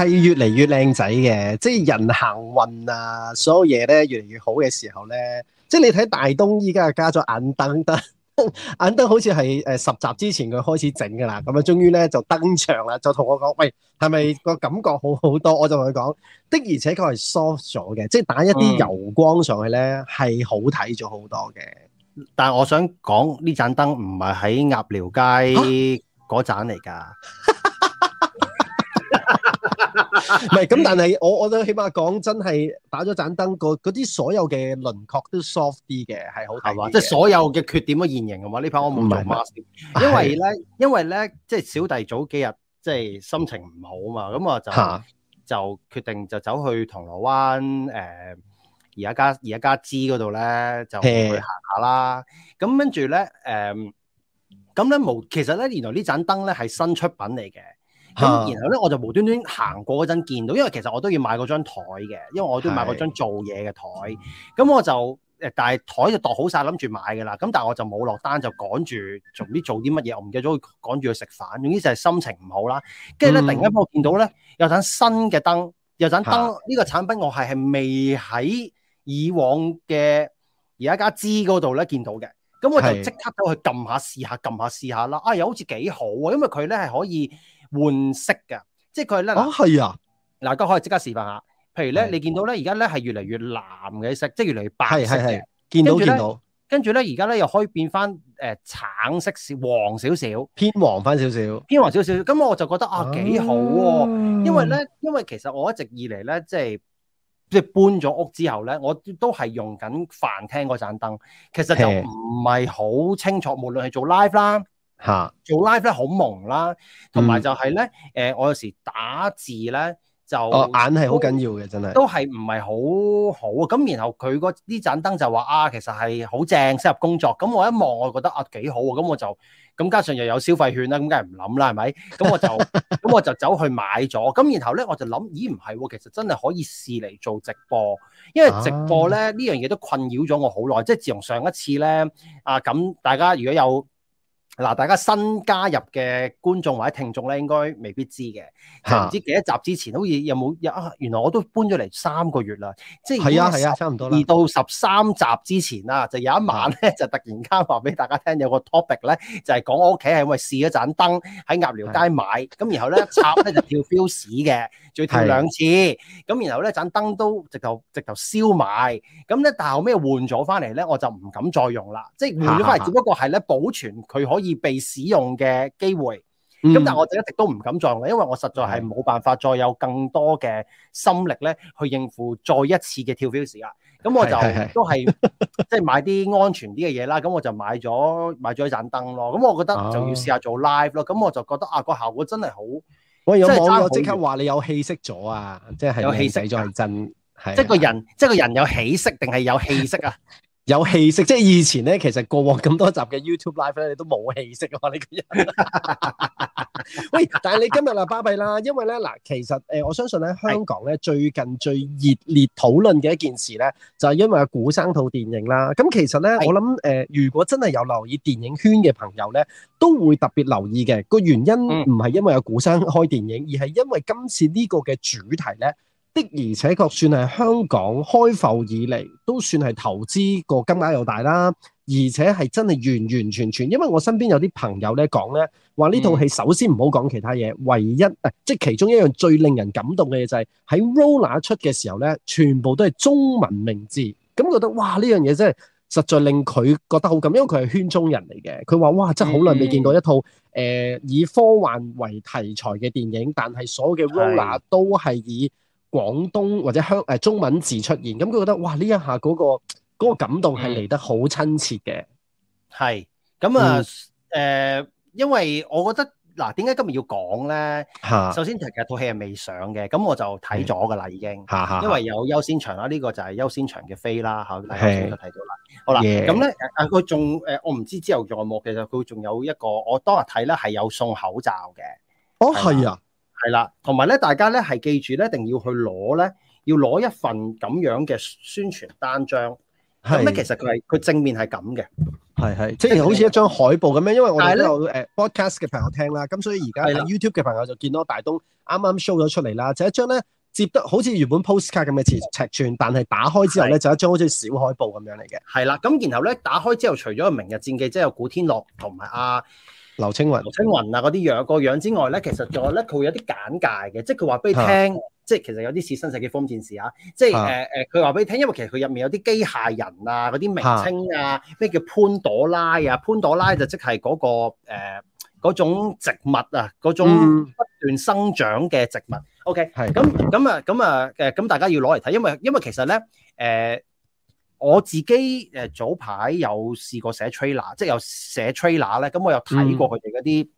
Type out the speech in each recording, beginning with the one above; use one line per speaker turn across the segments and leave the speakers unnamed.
係越嚟越靚仔嘅，即係人行運啊！所有嘢咧越嚟越好嘅時候咧，即係你睇大東依家係加咗眼燈，燈 眼燈好似係誒十集之前佢開始整噶啦，咁啊終於咧就登場啦，就同我講，喂，係咪個感覺好好多？我就同佢講，的而且確係 soft 咗嘅，即係打一啲油光上去咧，係、嗯、好睇咗好多嘅。但係我想講呢盞燈唔係喺鴨寮街嗰盞嚟噶。啊唔係，咁但係我，我都起碼講真係打咗盞燈，個嗰啲所有嘅輪廓都 soft 啲嘅，係好係嘛？即係所有嘅缺點嘅現形嘅話。呢排我冇做 mask，因為咧，因為咧，即係小弟早幾日即係心情唔好啊嘛，咁我就就決定就走去銅鑼灣誒宜家宜家家居嗰度咧就去行下啦。咁跟住咧誒，咁咧冇其實咧，原來呢盞燈咧係新出品嚟嘅。然後咧，我就無端端行過嗰陣見到，因為其實我都要買嗰張台嘅，因為我都買嗰張做嘢嘅台。咁是我就誒，但係台就度好晒，諗住買嘅啦。咁但係我就冇落單，就趕住做啲做啲乜嘢，我唔記得咗。趕住去食飯，總之就係心情唔好啦。跟住咧，突然間我見到咧有盞新嘅燈，有盞燈呢個產品我係係未喺以往嘅宜家家居嗰度咧見到嘅。咁我就即刻走去撳下試下撳下試下啦。啊，又好似幾好啊，因為佢咧係可以，換色嘅，即係佢係啦，嗱、啊，嗱、啊，而家可以即刻示範下。譬如咧，你見到咧，而家咧係越嚟越藍嘅色，即係越嚟越白色嘅。係、係、係，見到見到。跟住咧，而家咧又可以變翻誒橙色少、黃少少，偏黃翻少少，偏黃少少。咁我就覺得啊，幾好喎、啊。啊、因為咧，因為其實我一直以嚟咧，即係即係搬咗屋之後咧，我都都係用緊飯廳嗰盞燈。其實就唔係好清楚，是無論係做 live 啦。吓做 live 咧好蒙啦，同埋就係、是、咧，誒、呃，我有時打字咧就、哦、眼係好緊要嘅，真係都係唔係好好啊。咁然後佢嗰呢盞燈就話啊，其實係好正，適合工作。咁、嗯、我一望，我覺得啊，幾好啊。咁、嗯、我就咁、嗯，加上又有消費券啦，咁梗係唔諗啦，係咪？咁我就咁我就走去買咗。咁然後咧，我就諗，咦，唔係，其實真係可以試嚟做直播，因為直播咧呢、啊、樣嘢都困擾咗我好耐，即係自從上一次咧啊，咁大家如果有。嗱，大家新加入嘅觀眾或者聽眾咧，應該未必知嘅，唔、啊、知幾多集之前，好似有冇有原來我都搬咗嚟三個月啦，即係係啊係啊，差唔多啦。而到十三集之前啦，就有一晚咧，就突然間話俾大家聽，有個 topic 咧，就係講我屋企係因為試嗰盞燈喺鴨寮街買，咁、啊、然後咧插咧就 跳 Bill 屎嘅，仲要跳兩次，咁、啊、然後咧盞燈都直頭直頭燒埋，咁咧但係後尾換咗翻嚟咧，我就唔敢再用啦，即係換咗翻嚟，只不過係咧保存佢可以。是啊 被使用嘅機會，咁、嗯、但係我就一直都唔敢撞，因為我實在係冇辦法再有更多嘅心力咧去應付再一次嘅跳票時間。咁我就是是是都係即係買啲安全啲嘅嘢啦。咁我就買咗買咗一盞燈咯。咁我覺得就要試下做 live 咯。咁我就覺得啊，個效果真係好。我有網友即刻話你有氣息咗啊，氣即係有氣色咗係真，即係的個人即係個，個人有氣色定係有氣息啊？ 有氣息，即係以前咧，其實過往咁多集嘅 YouTube Live 咧，你都冇氣息喎、啊，你個人。 喂，但係你今日嗱巴閉啦，因為咧嗱，其實誒、呃，我相信咧，香港咧最近最熱烈討論嘅一件事咧，就係、是、因為阿古生套電影啦。咁其實咧，我諗誒、呃，如果真係有留意電影圈嘅朋友咧，都會特別留意嘅。個原因唔係因為有古生開電影，而係因為今次呢個嘅主題咧。的而且確算係香港開埠以嚟都算係投資個金額又大啦，而且係真係完完全全。因為我身邊有啲朋友咧講咧，話呢套戲首先唔好講其他嘢，嗯、唯一誒、啊、即係其中一樣最令人感動嘅嘢就係、是、喺《Roller》出嘅時候咧，全部都係中文名字，咁覺得哇呢樣嘢真係實在令佢覺得好感，因為佢係圈中人嚟嘅。佢話哇真係好耐未見過一套誒、嗯呃、以科幻為題材嘅電影，但係所有嘅是《Roller》都係以廣東或者香誒，中文字出現，咁佢覺得哇！呢一下嗰個嗰個感動係嚟得好親切嘅，係。咁啊，誒、嗯，因為我覺得嗱，點解今日要講咧？嚇，首先其實套戲係未上嘅，咁我就睇咗㗎啦，已經嚇，因為有優先場啦，呢個就係優先場嘅飛啦，嚇，大家睇到啦。好啦，咁咧，啊佢仲誒，我唔知之後在幕其實佢仲有一個，我當日睇咧係有送口罩嘅。哦，係啊。係啦，同埋咧，大家咧係記住咧，一定要去攞咧，要攞一份咁樣嘅宣傳單張。咁咧的，其實佢係佢正面係咁嘅，係係，即係好似一張海報咁樣。因為我哋呢度誒的、呃、broadcast 嘅朋友聽啦，咁所以而家 YouTube 嘅朋友就見到大東啱啱 show 咗出嚟，啦就一張咧接得好似原本 postcard 咁嘅尺寸，的但係打開之後咧的就一張好似小海報咁樣嚟嘅。係啦，咁然後咧打開之後，除咗《明日戰記》，即係有古天樂同埋阿。劉青雲、劉青雲啊，嗰啲樣個樣之外咧，其實仲有咧，佢會有啲簡介嘅，即係佢話俾你聽，即係其實有啲似《新世紀封戰士》啊，即係誒誒，佢話俾你聽，因為其實佢入面有啲機械人啊，嗰啲名稱啊，咩、啊、叫潘朵拉啊？潘朵拉就即係嗰、嗰個誒嗰、呃、種植物啊，嗰種不斷生長嘅植物。嗯、OK，係咁咁啊咁啊誒，咁、呃、大家要攞嚟睇，因為因為其實咧誒。呃我自己誒、呃、早排有試過寫 trailer，即係有寫 trailer 咧，咁我有睇過佢哋嗰啲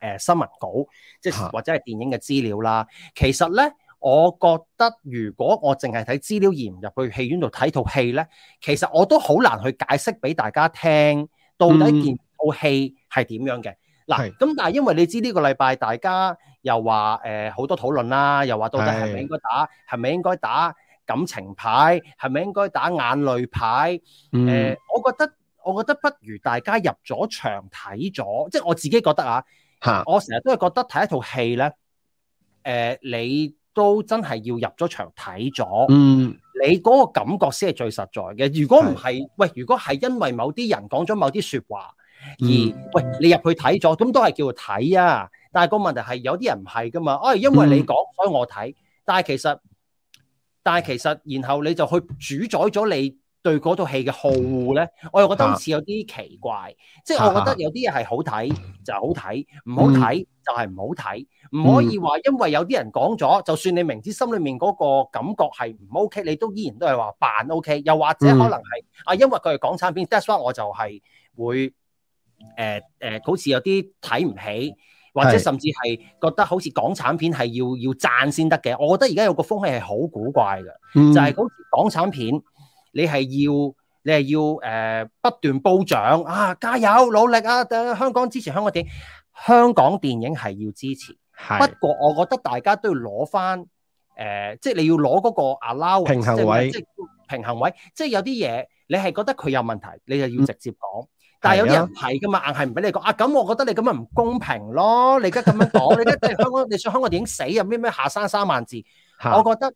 誒新聞稿，即係或者係電影嘅資料啦。啊、其實咧，我覺得如果我淨係睇資料而唔入去戲院度睇套戲咧，其實我都好難去解釋俾大家聽，到底件套戲係點樣嘅。嗱、嗯啊，咁但係因為你知呢個禮拜大家又話誒好多討論啦，又話到底係咪應該打，係咪的應該打？感情牌係咪應該打眼淚牌？誒、呃，我覺得我覺得不如大家入咗場睇咗，即係我自己覺得啊，吓哈，我成日都係覺得睇一套戲咧，誒、呃，你都真係要入咗場睇咗，嗯，你嗰個感覺先係最實在嘅。如果唔係，是喂，如果係因為某啲人講咗某啲說話而、嗯、喂你入去睇咗，咁都係叫做睇啊。但係個問題係有啲人唔係噶嘛，啊、哎，因為你講所以我睇，但係其實。但係其實，然後你就去主宰咗你對嗰套戲嘅好惡咧，我又覺得好似有啲奇怪。 即係我覺得有啲嘢係好睇就係好睇，唔好睇就係唔好睇。唔 可以話因為有啲人講咗，就算你明知心裏面嗰個感覺係唔 OK，你都依然都係話扮 OK。又或者可能係 啊，因為佢係港產片 ，that's why 我就係會誒誒、呃呃呃，好似有啲睇唔起。或者甚至係覺得好似港產片係要要讚先得嘅。我覺得而家有個風氣係好古怪嘅，嗯、就係好似港產片，你係要你係要誒、呃、不斷褒獎啊，加油努力啊，香港支持香港電香港電影係要支持，是不過我覺得大家都要攞翻誒，即、呃、係、就是、你要攞嗰個 allow ance, 平衡位，平衡位，即、就、係、是、有啲嘢你係覺得佢有問題，你就要直接講。嗯但係有啲人係㗎嘛，硬係唔俾你講啊！咁我覺得你咁樣唔公平咯。你而家咁樣講，你而家香港，你想香港電影死啊？咩咩下山三萬字， 我覺得《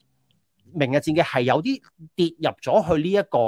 明日戰記》係有啲跌入咗去呢一個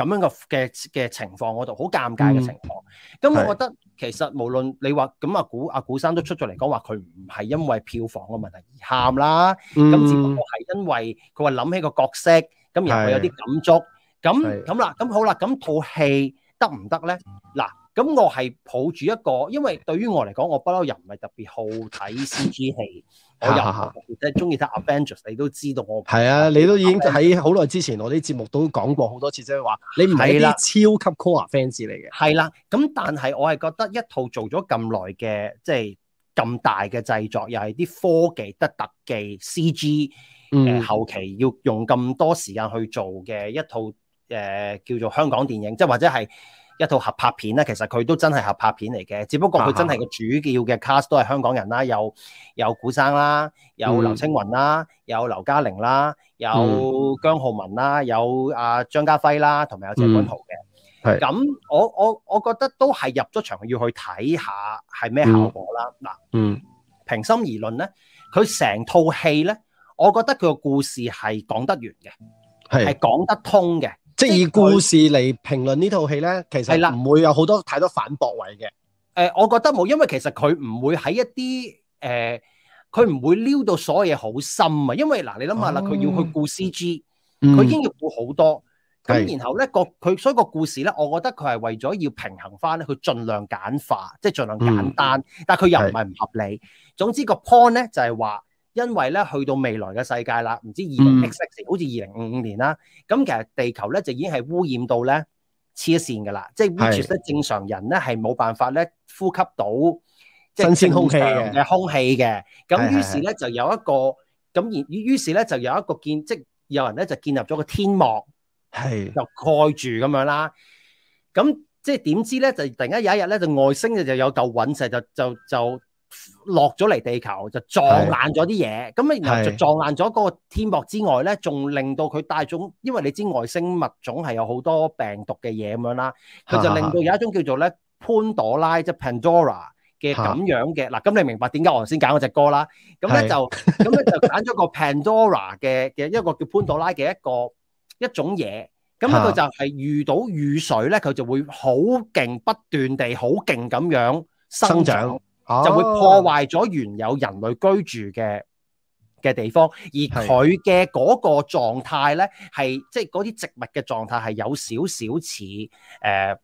咁樣嘅嘅情況嗰度，好尷尬嘅情況。咁、嗯嗯、我覺得其實無論你話咁啊，古阿古生都出咗嚟講話，佢唔係因為票房嘅問題而喊啦。咁、嗯、只不過係因為佢話諗起個角色，咁而佢有啲感觸。咁咁啦，咁是、嗯、好啦，咁套戲。得唔得咧？嗱，咁、嗯、我係抱住一個，因為對於我嚟講，我不嬲又唔係特別好睇 C G 戲，哈哈，我又即係中意睇 Avengers， 你都知道我係啊，你都已經喺好耐之前，我啲節目都講過好多次，即係話你唔係啲超級 core fans 嚟嘅。係啦，咁但係我係覺得一套做咗咁耐嘅，即係咁大嘅製作，又係啲科技得特技 C G，誒、後期要用咁多時間去做嘅一套。誒、呃、叫做香港電影，即係或者係一套合拍片咧。其實佢都真係合拍片嚟嘅，只不過佢真係個主要嘅 cast 都係香港人啦，有有古生啦，有劉青雲啦，有劉嘉玲啦，嗯、有姜浩文啦，有阿、啊、張家輝啦，同埋有謝君豪嘅。咁、嗯、我我我覺得都係入咗場要去睇下係咩效果啦。嗱、嗯，嗯、平心而論咧，佢成套戲咧，我覺得佢個故事係講得完嘅，係是講得通嘅。即係以故事嚟評論呢套戲咧，其實唔會有好多太多反駁位嘅。誒、呃，我覺得冇，因為其實佢唔會喺一啲誒，佢、呃、唔會撩到所有嘢好深啊。因為嗱、呃，你諗下啦，佢要去顧 CG，佢已、哦、經要顧好多。咁、嗯、然後咧個佢所以個故事咧，我覺得佢係為咗要平衡翻咧，佢盡量簡化，即係盡量簡單。嗯嗯、但係佢又唔係唔合理。哦、總之個 point 咧就係話。因為咧，去到未來嘅世界啦，唔知二零 s i 好似二零五五年啦。咁其實地球咧就已經係污染到咧，黐一線噶啦，是即係完全正常人咧係冇辦法咧呼吸到
新鮮空氣嘅
空氣嘅。咁的於是咧就有一個咁，然於於是咧就有一個建，即有人咧就建立咗個天幕，係的就蓋住咁樣啦。咁即係點知咧，就突然間有一日咧，就外星嘅就有嚿隕石就就就。就就就就落咗嚟地球就撞爛咗啲嘢，咁啊，然後就撞爛咗個天幕之外咧，仲令到佢帶種，因為你知外星物種係有好多病毒嘅嘢咁樣啦，佢就令到有一種叫做咧潘朵拉即係 Pandora 嘅咁樣嘅，嗱，咁你明白點解我頭先揀嗰隻歌啦？咁咧就咁咧就揀咗個 Pandora 嘅嘅一個叫潘朵拉嘅一個一種嘢，咁佢就係遇到雨水咧，佢就會好勁不斷地好勁咁樣生長。哦、就會破壞咗原有人類居住嘅嘅地方，而佢嘅嗰個狀態咧，係即係嗰啲植物嘅狀態係有少少似誒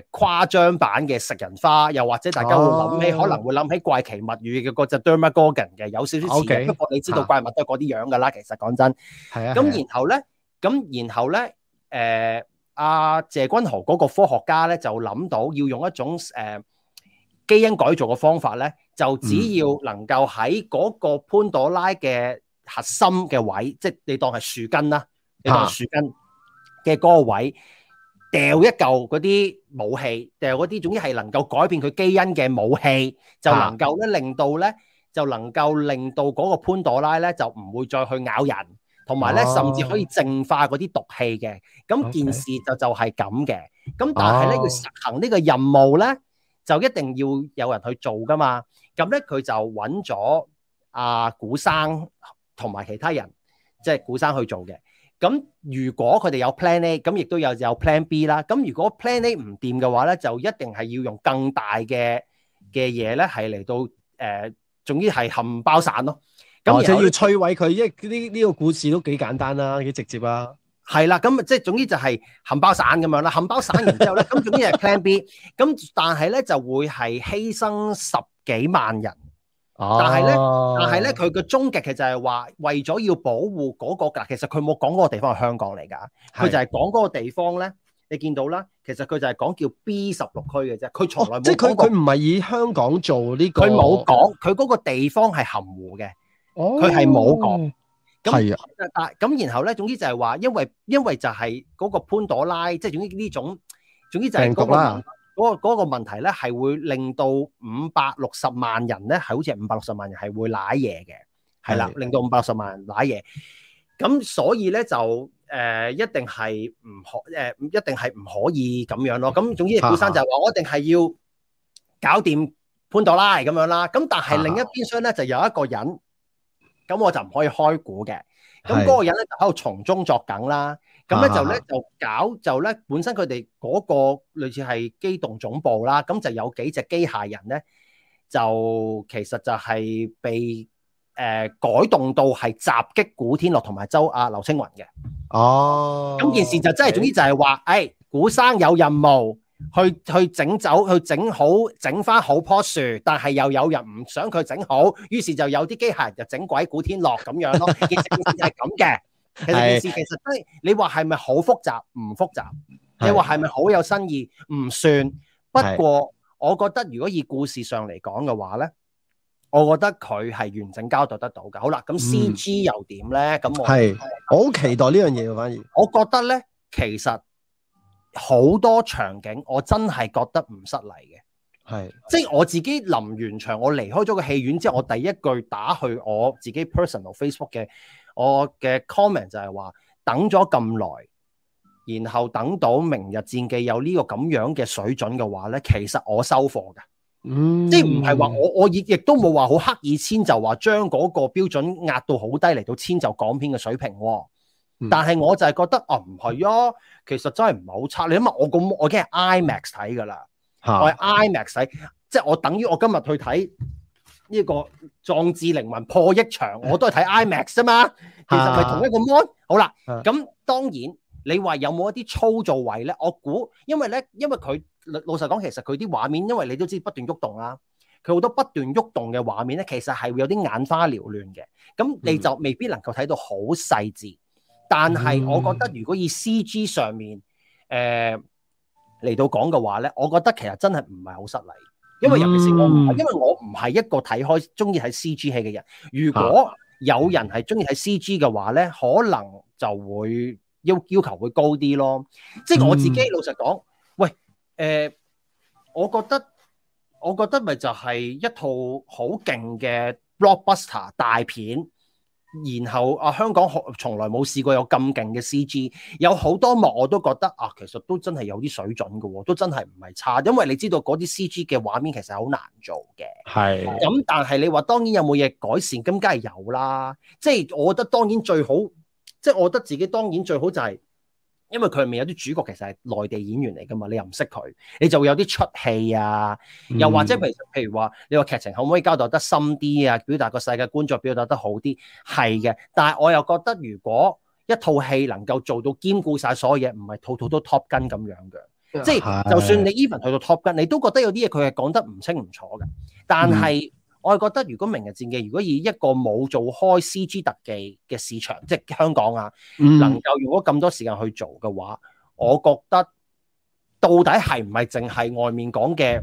誒誇張版嘅食人花，又或者大家會諗起，哦、可能會諗起怪奇物語嘅嗰隻 Demogorgon 嘅，有少少似。不過你知道怪物都係嗰啲樣噶啦，其實講真。係啊。咁然後咧，咁然後咧，誒、呃、阿、啊、謝君豪嗰個科學家咧就諗到要用一種誒。呃基因改造嘅方法咧，就只要能夠喺嗰個潘朵拉嘅核心嘅位，即係你當係樹根啦，你當樹根嘅嗰個位，掉一嚿嗰啲武器，掉嗰啲，總之係能夠改變佢基因嘅武器，就能夠咧令到咧，就能夠令到嗰個潘朵拉咧就唔會再去咬人，同埋咧甚至可以淨化嗰啲毒氣嘅。咁件事就就係咁嘅。咁但係咧你要實行呢個任務咧。就一定要有人去做㗎嘛，咁咧佢就揾咗阿古生同埋其他人，即係古生去做嘅。咁如果佢哋有 plan A，咁亦都有有 plan B 啦。咁如果 plan A 唔掂嘅話咧，就一定係要用更大嘅嘅嘢咧，係嚟到誒、呃，總之係冚包散咯。或者、哦就係、要摧毀佢，因為呢呢個故事都幾簡單啦，幾直接啊！係啦，咁即係，總之就係含包散咁樣啦。含包散完之後咧，咁總之係 plan B，咁但係咧就會係犧牲十幾萬人。哦，但係咧，但係咧，佢嘅終極其實就係話為咗要保護嗰個噶，其實佢冇講嗰個地方係香港嚟噶，佢就係講嗰個地方咧。你見到啦，其實佢就係講叫 B 十六區嘅啫，佢從來即係佢佢唔係以香港做呢個。佢冇講，佢嗰個地方係含糊嘅，佢係冇講。咁，但咁然後咧，總之就係話，因為因為就係嗰個潘朵拉，即係總之呢種，總之就係嗰個嗰個問題咧，係會令到五百六十萬人咧，係好似係五百六十萬人係會舐嘢嘅，係啦，令到五百六十萬人舐嘢。咁所以咧就誒，一定係唔可誒，一定係唔可以咁樣咯。咁總之，古生就係話，我一定係要搞掂潘朵拉咁樣啦。咁但係另一邊廂咧，就有一個人。咁我就唔可以開估嘅，咁嗰是個人咧就喺度從中作梗啦，咁咧就咧就搞就咧本身佢哋嗰個類似係機動總部啦，咁就有幾隻機械人咧就其實就係被誒、呃、改動到係襲擊古天樂同埋周啊劉青雲嘅。哦，咁件事就真係 okay. 總之就係話，誒、哎、古生有任務。去去整走，去整好，整翻好棵樹，但係又有人唔想佢整好，於是就有啲機械就整鬼古天樂咁樣咯。 其實件事係咁嘅，其實其實、就是，你話係咪好複雜？唔複雜。是你話係咪好有新意？唔算。不過我覺得如果以故事上嚟講嘅話咧，我覺得佢係完整交代得到噶。好啦，咁 CG 又點咧？咁係、嗯，我好是期待呢樣嘢。反而我覺得咧，其實。好多場景，我真係覺得唔失禮嘅，係是即係我自己臨完場，我離開咗個戲院之後，我第一句打去我自己 personal Facebook 嘅我嘅 comment 就係話，等咗咁耐，然後等到明日戰記有呢個咁樣嘅水準嘅話咧，其實我收貨㗎，嗯、即係唔係話我我亦亦都冇話好刻意遷就話將嗰個標準壓到好低嚟到遷就港片嘅水平。嗯、但係我就係覺得啊唔係哦，其實真係唔係好差。你諗下我個我已經係 IMAX 睇噶啦，啊、我係 IMAX 睇，啊、即係我等於我今日去睇呢個壯志凌魂破億場，我都係睇 IMAX 啊嘛、啊。其實係同一個 m 好啦，咁當然你話有冇一啲操作位咧？我估因為咧，因為佢老老實講，其實佢啲畫面，因為你都知不斷喐動啦、啊，佢好多不斷喐動嘅畫面咧，其實係會有啲眼花繚亂嘅。咁你就未必能夠睇到好細緻。但係，我覺得如果以 CG 上面誒嚟、呃、到講嘅話咧，我覺得其實真係唔係好失禮，因為尤其是我，唔係因為我唔係一個睇開中意睇 CG 戲嘅人。如果有人係中意睇 CG 嘅話咧，可能就會要要求會高啲咯。即係我自己老實講，喂誒、呃，我覺得我覺得咪就係一套好勁嘅 blockbuster 大片。然後啊，香港學從來冇試過有咁勁嘅 CG，有好多幕我都覺得啊，其實都真係有啲水準嘅，都真係唔係差。因為你知道嗰啲 CG 嘅畫面其實好難做嘅。係。咁但係你話，當然有冇嘢改善？咁梗係有啦。即係我覺得當然最好，即係我覺得自己當然最好就係。因為佢係咪有啲主角其實係內地演員嚟噶嘛？你又唔識佢，你就會有啲出戲啊，又或者譬如譬如話你個劇情可唔可以交代得深啲啊？表達個世界觀再表達得好啲係嘅，但係我又覺得如果一套戲能夠做到兼顧晒所有嘢，唔係套套都 top 跟咁樣嘅，即係的就，就算你 even 去到 top 跟，你都覺得有啲嘢佢係講得唔清唔楚嘅，但係。我覺得如果《明日戰記》如果以一個冇做開 CG 特技嘅市場，即係香港啊，能夠用咗咁多時間去做嘅話，我覺得到底係唔係淨係外面講嘅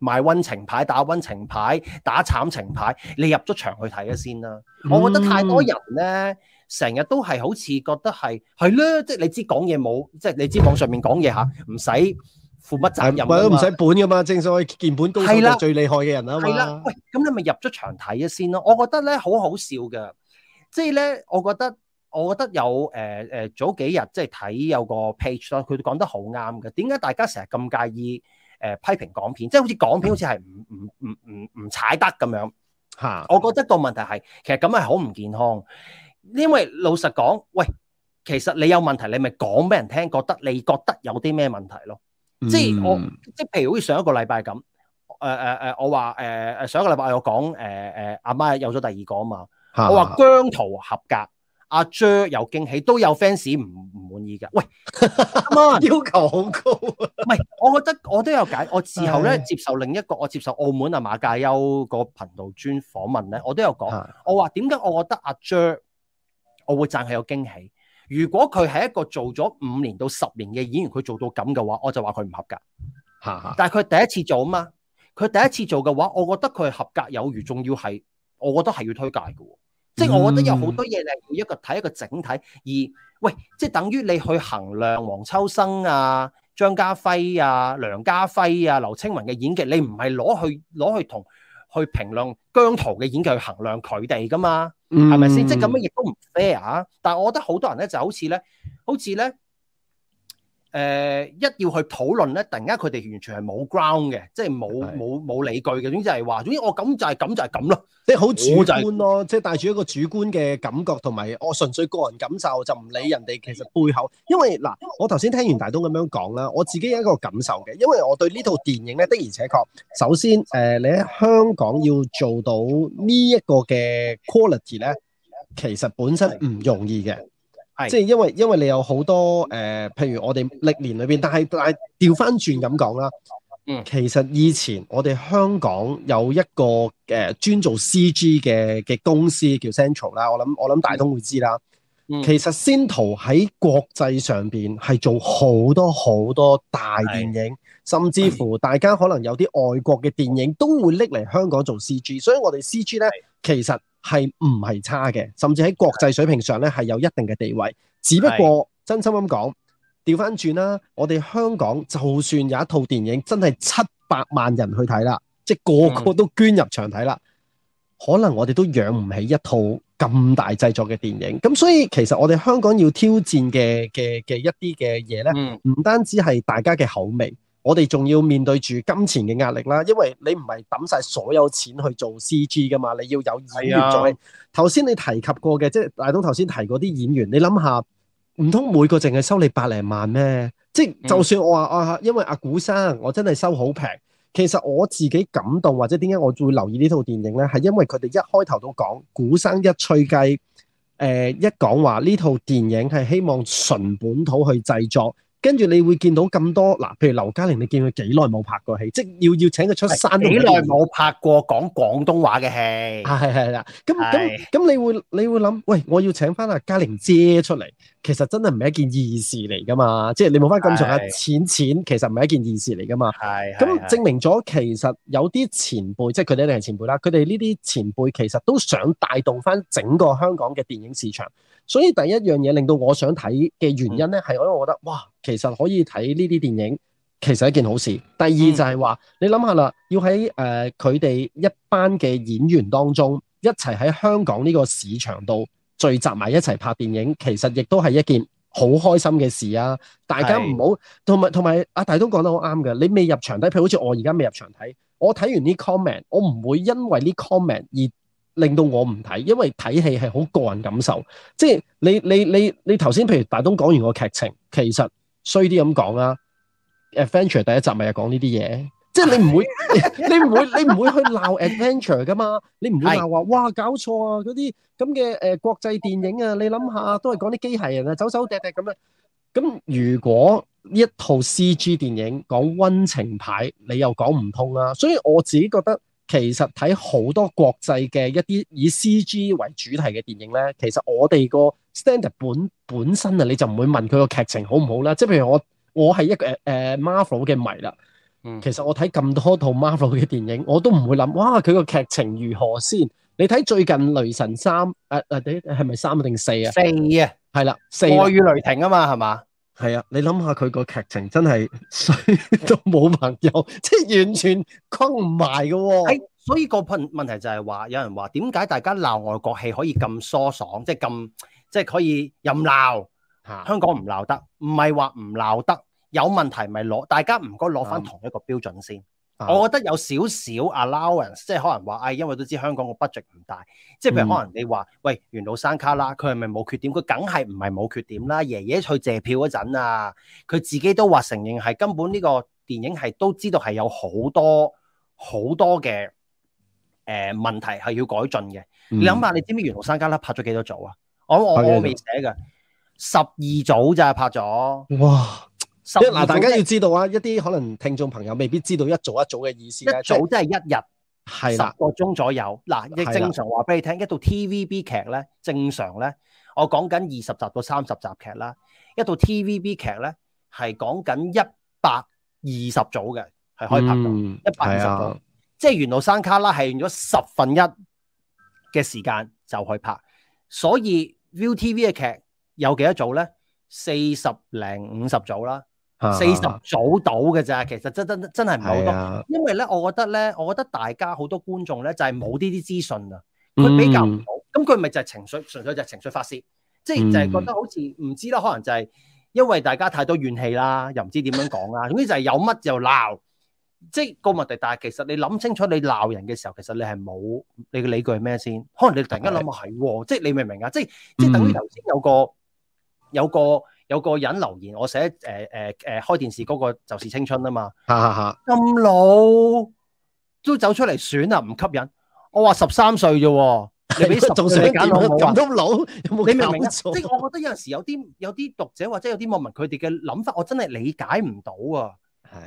賣溫情牌、打溫情牌、打慘情牌？你入咗場去睇咗先啦。我覺得太多人呢，成日都係好似覺得係係囉，即係你知講嘢冇，即係你知網上面講嘢吓，唔使。負乜責任嘛？都唔使本噶嘛，正所謂見本高手係最厲害嘅人啦。係啦，喂，咁你咪入咗場睇吓先咯。我覺得咧好好笑噶，即係咧，我覺得，我覺得有誒誒早幾日即係睇有個 page 啦，佢講得好啱嘅。點解大家成日咁介意誒批評港片？即係好似港片好似係唔唔唔唔唔踩得咁樣吓？我覺得個問題係，其實咁係好唔健康。因為老實講，喂，其實你有問題，你咪講俾人聽，覺得你覺得有啲咩問題咯。即係我，即係譬如好似上一個禮拜咁，誒誒誒，我話誒誒上一個禮拜我講，誒、呃、誒、呃、阿媽有咗第二個啊嘛，啊我話姜濤合格，阿 Jer 有驚喜，都有 fans 唔唔滿意噶。喂，阿媽 要求好高，啊！唔係， 我覺得我都有解，我事後咧接受另一個，我接受澳門啊馬介休個頻道專訪問咧，我都有講，啊啊、我話點解我覺得阿 Jer 我會讚佢有驚喜。如果佢係一個做咗五年到十年嘅演員，佢做到咁嘅話，我就話佢唔合格吓。但係佢第一次做啊嘛，佢第一次做嘅話，我覺得佢合格有餘，仲要係，我覺得係要推介嘅。嗯、即係我覺得有好多嘢你要一個睇一個整體。而喂，即係等於你去衡量黃秋生啊、張家輝啊、梁家輝啊、劉青雲嘅演技，你唔係攞去攞去同。去評論姜濤嘅演技去衡量佢哋噶嘛，係咪先？嗯、即係咁樣亦都唔 fair。但我覺得好多人咧就好似咧，好似誒、呃，一要去討論咧，突然間佢哋完全係冇 ground 嘅，即係冇冇冇理據嘅。總之就係話，總之我咁就係咁就係咁咯。即係好主觀咯，即係帶住一個主觀嘅感覺，同埋我純粹個人感受就唔理人哋。其實背後，因為嗱，我頭先聽完大東咁樣講啦，我自己有一個感受嘅，因為我對呢套電影咧的而且確，首先誒、呃，你喺香港要做到呢一個嘅 quality 咧，其實本身唔容易嘅。即係因為因為你有好多誒、呃，譬如我哋歷年裏邊，但係但係調翻轉咁講啦，嗯，其實以前我哋香港有一個誒、呃、專做 CG 嘅嘅公司叫 Central 啦，我諗我諗大通會知啦，嗯、其實先濤喺國際上邊係做好多好多大電影，嗯、甚至乎大家可能有啲外國嘅電影都會拎嚟香港做 CG，所以我哋 CG 呢，嗯、其實。係唔係差嘅，甚至喺國際水平上呢，係有一定嘅地位。只不過的真心咁講，調翻轉啦，我哋香港就算有一套電影真係七百萬人去睇啦，即係個個都捐入場睇啦，嗯、可能我哋都養唔起一套咁大製作嘅電影。咁所以其實我哋香港要挑戰嘅嘅嘅一啲嘅嘢呢，唔、嗯、唔單止係大家嘅口味。我哋仲要面對住金錢嘅壓力啦，因為你唔係揼晒所有錢去做 CG 㗎嘛，你要有演員在。頭先是的 你提及過嘅，即係大東頭先提嗰啲演員，你諗下，唔通每個淨係收你百零萬咩？即、嗯、就算我話啊，因為阿古生，我真係收好平。其實我自己感動或者點解我會留意呢套電影呢，係因為佢哋一開頭都講古生一吹雞，誒、呃、一講話呢套電影係希望純本土去製作。跟住你會見到咁多嗱，譬如劉嘉玲，你見佢幾耐冇拍過戲，即係要要請佢出山。幾耐冇拍過講廣東話嘅戲？啊，係係啦。咁咁咁，你會你會諗，喂，我要請翻阿嘉玲姐出嚟，其實真係唔係一件易事嚟噶嘛。即係你冇翻咁長嘅錢，錢其實唔係一件易事嚟噶嘛。係係。咁證明咗，其實有啲前輩，即係佢哋一定係前輩啦。佢哋呢啲前輩其實都想帶動翻整個香港嘅電影市場。所以第一樣嘢令到我想睇嘅原因咧，係因為我覺得，哇！其實可以睇呢啲電影，其實一件好事。第二就係話，嗯、你諗下啦，要喺誒佢哋一班嘅演員當中一齊喺香港呢個市場度聚集埋一齊拍電影，其實亦都係一件好開心嘅事啊！大家唔好同埋同埋阿大東講得好啱嘅，你未入場睇，譬如好似我而家未入場睇，我睇完呢 comment，我唔會因為呢 comment 而令到我唔睇，因為睇戲係好個人感受，即係你你你你頭先譬如大東講完個劇情，其實。衰啲咁講啊 Adventure 第一集咪又講呢啲嘢，即係你唔會， 會，你唔會，你唔會去鬧 Adventure 噶嘛，你唔會鬧話哇搞錯啊嗰啲咁嘅誒國際電影啊，你諗下都係講啲機械人啊走走趯趯咁啊，咁如果呢一套 CG 電影講溫情牌，你又講唔通啦，啊，所以我自己覺得其實睇好多國際嘅一啲以 CG 為主題嘅電影咧，其實我哋個。Standard 本本身啊，你就唔會問佢個劇情好唔好啦。即係譬如我我係一個誒誒 Marvel 嘅迷啦。嗯，其實我睇咁多套 Marvel 嘅電影，我都唔會諗，哇佢個劇情如何先？你睇最近雷神三誒誒，係咪三定四啊？四啊，係啦，四。愛與雷霆啊嘛，係嘛？係啊，你諗下佢個劇情真係衰到冇朋友，即係完全講唔埋噶。係，所以個問問題就係話，有人話點解大家鬧外國戲可以咁疏爽，即係咁。即係可以任鬧，吓香港唔鬧得，唔係話唔鬧得，有問題咪攞，大家唔該攞翻同一個標準先。嗯、我覺得有少少 allowance，即係可能話，哎，因為都知香港個 budget 唔大，即係譬如可能你話喂，袁老山卡拉，佢係咪冇缺點？佢梗係唔係冇缺點啦。爺爺去借票嗰陣啊，佢自己都話承認係根本呢個電影係都知道係有好多好多嘅誒、呃、問題係要改進嘅。嗯、你諗下，你知唔知袁老山卡拉拍咗幾多組啊？我我我未寫嘅，十二組咋拍咗？哇！即係嗱，大家要知道啊，一啲可能聽眾朋友未必知道一組一組嘅意思。一組即係一日，係啦，十個鐘左右。嗱，亦正常話俾你聽，一套 TVB 劇咧，正常咧，我講緊二十集到三十集劇啦。一套 TVB 劇咧，係講緊一百二十組嘅，係可以拍到一百二十組。即係袁老山卡拉係用咗十分一嘅時間就去拍，所以。ViuTV 嘅劇有幾多組咧？四十零五十組啦，四十組到嘅咋？其實真真真係唔係好多，是啊、因為咧，我覺得咧，我覺得大家好多觀眾咧就係冇呢啲資訊啊，
佢比較唔好。
咁佢咪就係情緒，純粹就係情緒發洩，即係就係、是、覺得好似唔知啦，可能就係因為大家太多怨氣啦，又唔知點樣講啦，總之就係有乜就鬧。即係個問題，但係其實你諗清楚，你鬧人嘅時候，其實你係冇你嘅理據係咩先？可能你突然間諗下係，即係你明唔明啊？即係即係等於頭先有個有個有個人留言，我寫誒誒誒開電視嗰個就是青春啊嘛，咁哈老都走出嚟選啊，唔吸引。我話十三歲咋，的你俾仲 想揀老咁多老，有冇你明唔明？即係我覺得有陣時有啲有啲讀者或者有啲網民，佢哋嘅諗法，我真係理解唔到啊。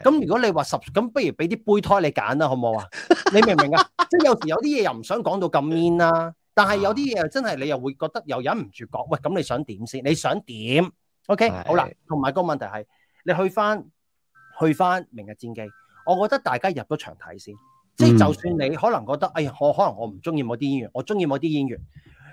咁如果你話十咁，不如俾啲胚胎你揀啦，好唔好啊？ 你明唔明啊？ 即係有時有啲嘢又唔想講到咁 man 啦，但係有啲嘢又真係你又會覺得又忍唔住講。喂，咁你想點先？你想點？OK，好啦。同埋個問題係，你去翻去翻明日戰記，我覺得大家入咗場睇先，即係就算你可能覺得，嗯、哎呀，我可能我唔中意某啲演員，我中意某啲演員，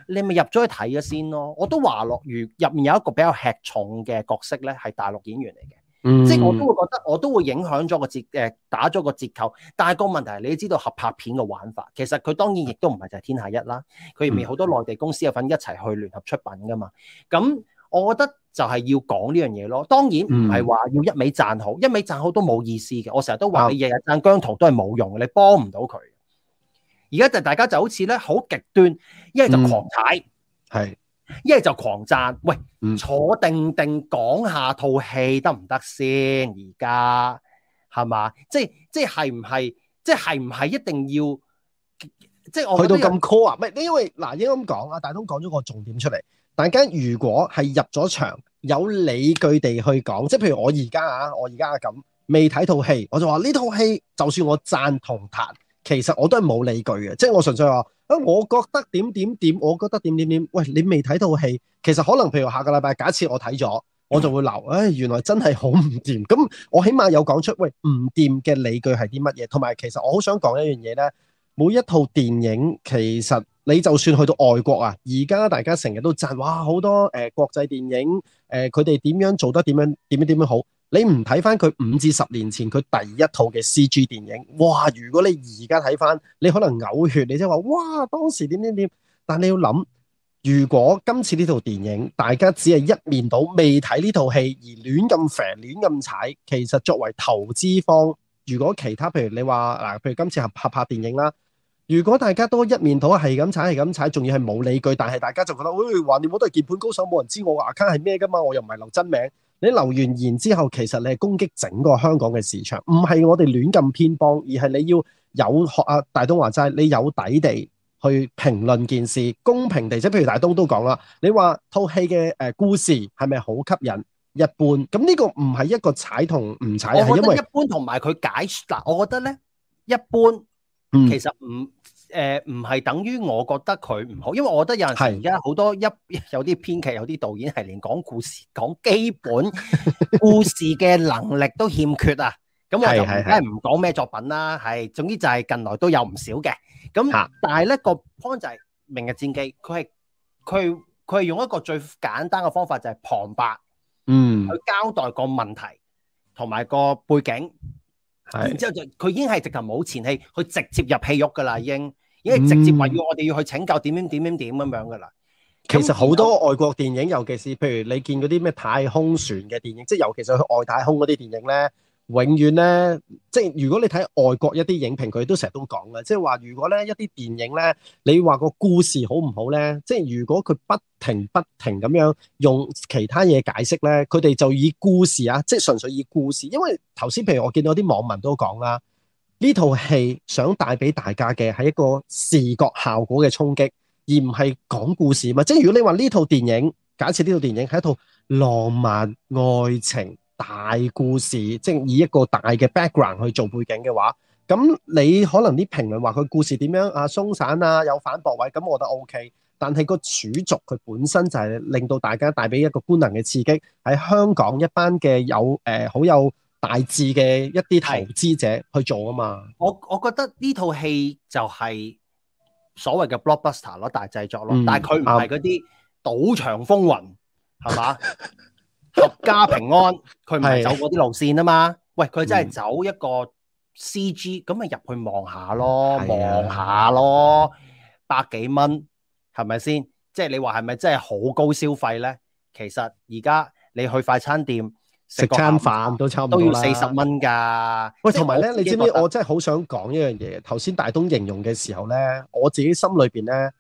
你咪入咗去睇咗先咯。我都話落，如入面有一個比較吃重嘅角色咧，係大陸演員嚟嘅。嗯、即係我都會覺得，我都會影響咗個折，誒打咗個折扣。但係個問題係，你知道合拍片嘅玩法，其實佢當然亦都唔係就係天下一啦。佢入面好多內地公司有份一齊去聯合出品噶嘛。咁我覺得就係要講呢樣嘢咯。當然唔係話要一味讚好，嗯、一味讚好都冇意思嘅。我成日都話你日日讚薑濤都係冇用嘅，你幫唔到佢。而家就大家就好似咧好極端，一係就狂踩。嗯一係就狂讚，喂，坐定定講下套戲得唔得先？而家係嘛？即係即係，係唔係？即係唔係一定要？即係我去到咁 call 啊？唔係，因為嗱，應該咁講，阿大東講咗個重點出嚟。大家如果係入咗場，有理據地去講，即係譬如我而家啊，我而家咁未睇套戲，我就話呢套戲就算我讚同彈，其實我都係冇理據嘅，即係我純粹話。我覺得點點點，我覺得點點點。喂，你未睇套戲，其實可能譬如下個禮拜，假設我睇咗，我就會鬧。唉、哎，原來真係好唔掂。咁我起碼有講出，喂，唔掂嘅理據係啲乜嘢？同埋其實我好想講一樣嘢呢：每一套電影，其實你就算去到外國啊，而家大家成日都讚，哇！好多誒、呃、國際電影，誒佢哋點樣做得點樣點樣點樣好。你唔睇翻佢五至十年前佢第一套嘅 CG 電影，哇！如果你而家睇翻，你可能嘔血你，你即係話哇，當時點點點。但你要諗，如果今次呢套電影大家只係一面倒，未睇呢套戲而亂咁啡、亂咁踩，其實作為投資方，如果其他譬如你話嗱，譬如今次合合拍電影啦，如果大家都一面倒係咁踩、係咁踩，仲要係冇理據，但係大家就覺得，喂話你我都係鍵盤高手，冇人知我 account 係咩噶嘛，我又唔係留真名。你留完言之後，其實你係攻擊整個香港嘅市場，唔係我哋亂咁偏幫，而係你要有學阿大東話齋，你有底地去評論件事，公平地即譬如大東都講啦，你話套戲嘅誒故事係咪好吸引？一般咁呢個唔係一個踩同唔踩，係因為一般同埋佢解嗱，我覺得咧一般其實唔。嗯誒唔係等於我覺得佢唔好，因為我覺得有陣時而家好多一有啲編劇有啲導演係連講故事講基本故事嘅能力都欠缺啊。咁我就咧唔講咩作品啦，係總之就係近來都有唔少嘅。咁但係咧個 point 就係《明日戰記》，佢係佢佢係用一個最簡單嘅方法就係旁白，
嗯，去
交代個問題同埋個背景。是然之後就佢已經係直頭冇前戲，去直接入戲肉㗎啦，已經已經直接話要我哋要去拯救點點點點點咁樣㗎啦。其實好多外國電影，尤其是譬如你見嗰啲咩太空船嘅電影，即係尤其是去外太空嗰啲電影咧。永遠呢，即係如果你睇外國一啲影評，佢哋都成日都講嘅，即係話如果呢一啲電影呢，你話個故事好唔好呢？即係如果佢不停不停咁樣用其他嘢解釋呢，佢哋就以故事啊，即係純粹以故事，因為頭先譬如我見到啲網民都講啦，呢套戲想帶俾大家嘅係一個視覺效果嘅衝擊，而唔係講故事嘛。即係如果你話呢套電影，假設呢套電影係一套浪漫愛情。大故事，即係以一個大嘅 background 去做背景嘅話，咁你可能啲評論話佢故事點樣啊鬆散啊有反駁位，咁我覺得 OK。但係個主軸佢本身就係令到大家帶俾一個官能嘅刺激，喺香港一班嘅有誒好、呃、有大志嘅一啲投資者去做啊嘛。是我我覺得呢套戲就係所謂嘅 blockbuster 咯，大製作咯，嗯、但係佢唔係嗰啲賭場風雲，係嘛、嗯？吧 國家平安，佢唔係走嗰啲路線啊嘛？的喂，佢真係走一個 CG，咁咪入去望下咯，望下咯，百幾蚊係咪先？即係你話係咪真係好高消費咧？其實而家你去快餐店食餐飯都差唔多啦，都要四十蚊噶。喂，同埋咧，你知唔知我真係好想講一樣嘢？頭先大東形容嘅時候咧，我自己心裏邊咧。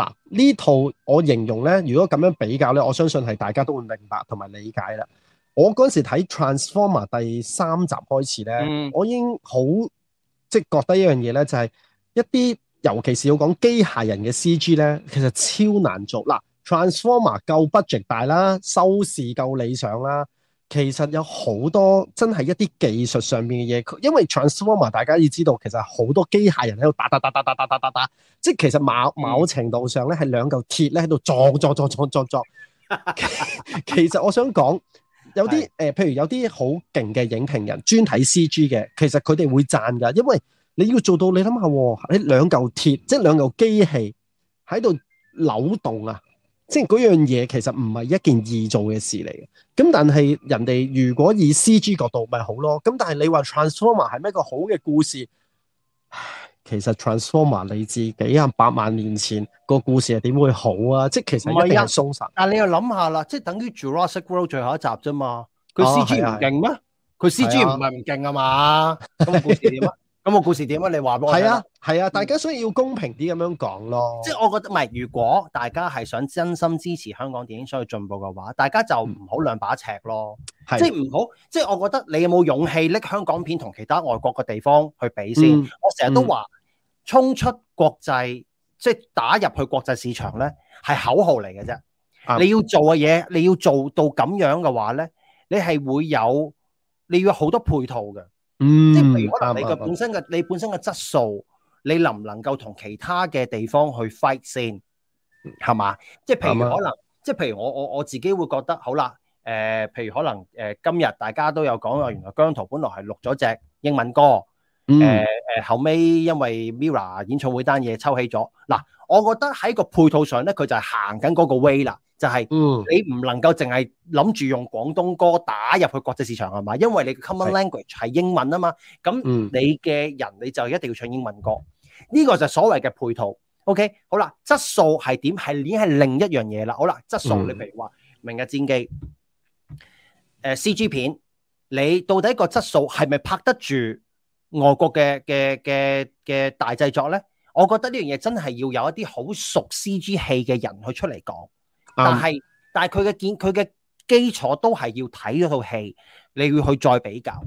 嗱，呢套我形容咧，如果咁樣比較咧，我相信係大家都會明白同埋理解啦。我嗰時睇《Transformer》第三集開始咧，嗯、我已經好即係覺得一樣嘢咧，就係、是、一啲尤其是要講機械人嘅 CG 咧，其實超難做。嗱，《Transformer》夠 budget 大啦，收視夠理想啦。其實有好多真係一啲技術上面嘅嘢，因為 Transformer 大家要知道，其實好多機械人喺度打打打打打打打打打，即係其實某某程度上咧係兩嚿鐵咧喺度撞撞撞撞撞撞。 其實我想講，有啲誒、呃，譬如有啲好勁嘅影評人專睇 CG 嘅，其實佢哋會讚㗎，因為你要做到你諗下，你兩嚿鐵即係兩嚿機器喺度扭動啊！即係嗰樣嘢其實唔係一件易做嘅事嚟嘅，咁但係人哋如果以 CG 角度咪好咯，咁但係你話 Transformer 係咩個好嘅故事？唉，其實 Transformer 你自己啊，百萬年前個故事係點會好啊？即係其實一定係送神。但你又諗下啦，即係等於 Jurassic World 最後一集啫嘛，佢 CG 唔勁咩？佢 CG 唔係唔勁啊嘛，個故事點啊？ 咁個故事點啊？你話俾我係啊，係啊，大家所以要公平啲咁樣講咯。即係我覺得，唔係如果大家係想真心支持香港電影想去進步嘅話，大家就唔好兩把尺咯。的即係唔好，即係我覺得你有冇勇氣拎香港片同其他外國嘅地方去比先？嗯、我成日都話，衝、嗯、出國際，即係打入去國際市場咧，係口號嚟嘅啫。嗯、你要做嘅嘢，你要做到咁樣嘅話咧，你係會有你要好多配套嘅。嗯，即係譬如可能你個本身嘅你本身嘅質、嗯、素，你能唔能夠同其他嘅地方去 fight 先，係嘛吧？即係譬如可能，即係譬如我我我自己會覺得好啦，誒、呃，譬如可能誒，今日大家都有講啊，原來姜濤本來係錄咗隻英文歌，誒誒、嗯呃，後尾因為 Mirror 演唱會單嘢抽起咗，嗱，我覺得喺個配套上咧，佢就係行緊嗰個 way 啦。就係你唔能夠淨係諗住用廣東歌打入去國際市場係嘛？因為你嘅 common language 係英文啊嘛，咁是你嘅人你就一定要唱英文歌。呢、這個就係所謂嘅配套。OK，好啦，質素係點係已經係另一樣嘢啦。好啦，質素、嗯、你譬如話明日戰記，誒、呃、CG 片，你到底個質素係咪拍得住外國嘅嘅嘅嘅大製作咧？我覺得呢樣嘢真係要有一啲好熟 CG 戲嘅人去出嚟講。嗯、但係，但係佢嘅建佢嘅基礎都係要睇套戲，你要去再比較。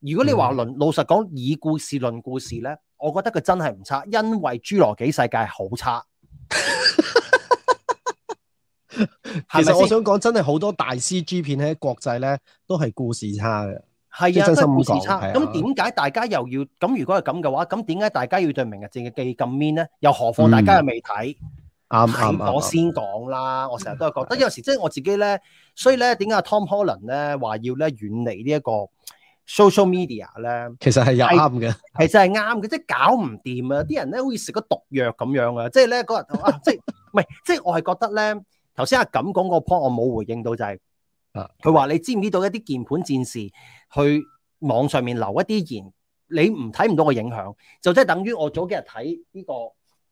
如果你話論、嗯、老實講以故事論故事咧，我覺得佢真係唔差，因為《侏羅紀世界》好差。
其實我想
講，真係好多大 CG 片喺國際咧都係故事差嘅。係啊，真係故事差。咁點解大家又要咁？如果係咁嘅話，咁點解大家要對《明日戰記》咁 mean 咧？又何況大家又未睇。嗯啱啱對我先講啦，我成日都係覺得是的 有時即係、就是、我自己咧，所以咧點解 Tom Holland 咧話要咧遠離呢一個 social media 咧？其實係有啱嘅，其實係啱嘅，即係搞唔掂啊！啲人咧好似食咗毒藥咁樣啊！即係咧嗰日啊，即係唔係即係我係覺得咧，頭先阿錦講嗰個 point 我冇回應到就係、是、啊，佢話是的 你知唔知道一啲鍵盤戰士去網上面留一啲言，你唔睇唔到個影響，就即係等於我早幾日睇呢個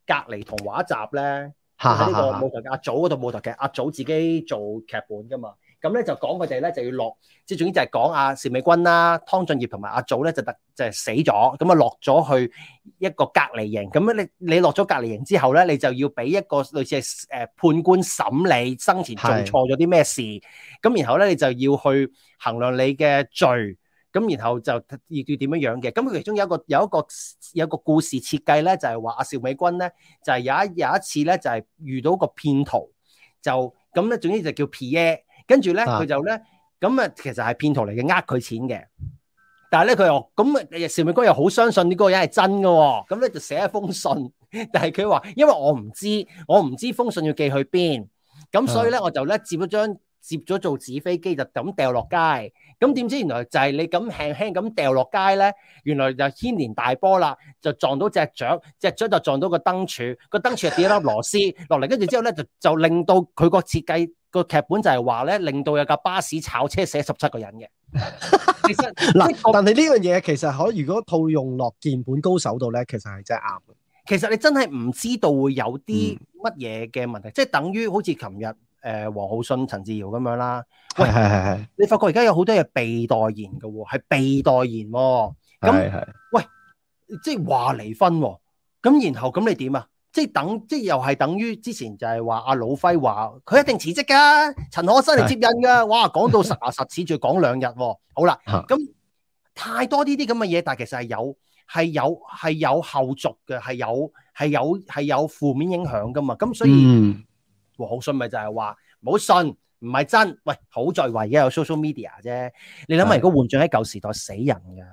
隔離童話集咧。喺呢個舞台劇阿祖嗰套舞台劇，阿祖自己做劇本噶嘛，咁咧就講佢哋係咧就要落，即係總之就係、是、講阿邵美君啦、湯俊業同埋阿祖咧就特就係死咗，咁啊落咗去一個隔離營，咁咧你你落咗隔離營之後咧，你就要俾一個類似係誒判官審理生前做錯咗啲咩事，咁是的 然後咧你就要去衡量你嘅罪。咁然後就要點樣樣嘅，咁佢其中有一個有一個有一個故事設計咧，就係話阿邵美君咧，就係、是、有一有一次咧，就係、是、遇到個騙徒，就咁咧，總之就叫騙嘢，跟住咧佢就咧，咁啊其實係騙徒嚟嘅，呃佢錢嘅。但係咧佢又咁啊邵美君又好相信呢個人係真嘅、哦，咁咧就寫一封信，但係佢話因為我唔知，我唔知封信要寄去邊，咁所以咧我就咧摺咗張摺咗做紙飛機，就咁掉落街。咁點知原來就係你咁輕輕咁掉落街咧，原來就牽連大波啦，就撞到隻雀，隻雀就撞到個燈柱，個燈柱係跌粒螺絲落嚟，跟住之後咧就就令到佢個設計個劇本就係話咧，令到有架巴士炒車死十七個人嘅。其實，嗱，但係呢樣嘢其實可如果套用落鍵盤高手度咧，其實係真係啱。其實你真係唔知道會有啲乜嘢嘅問題，即係等於好似琴日。誒，王、呃、浩信、陳自瑤咁樣啦。喂，係係係，你發覺而家有好多嘢被代言嘅，係被代言。咁，是是是喂，即係話離婚。咁然後咁你點啊？即係等，即係又係等於之前就係話阿魯輝話佢一定辭職噶，陳可辛嚟接引噶。是是哇，講到實啊，實，持續講兩日。好啦，咁太多呢啲咁嘅嘢，但係其實係有，係有，係有後續嘅，係有，係有，係有負面影響噶嘛。咁所以。嗯好信咪就係話冇信，唔係真。喂，好在為而家有 social media 啫。你諗下，如果換轉喺舊時代，死人㗎，啊。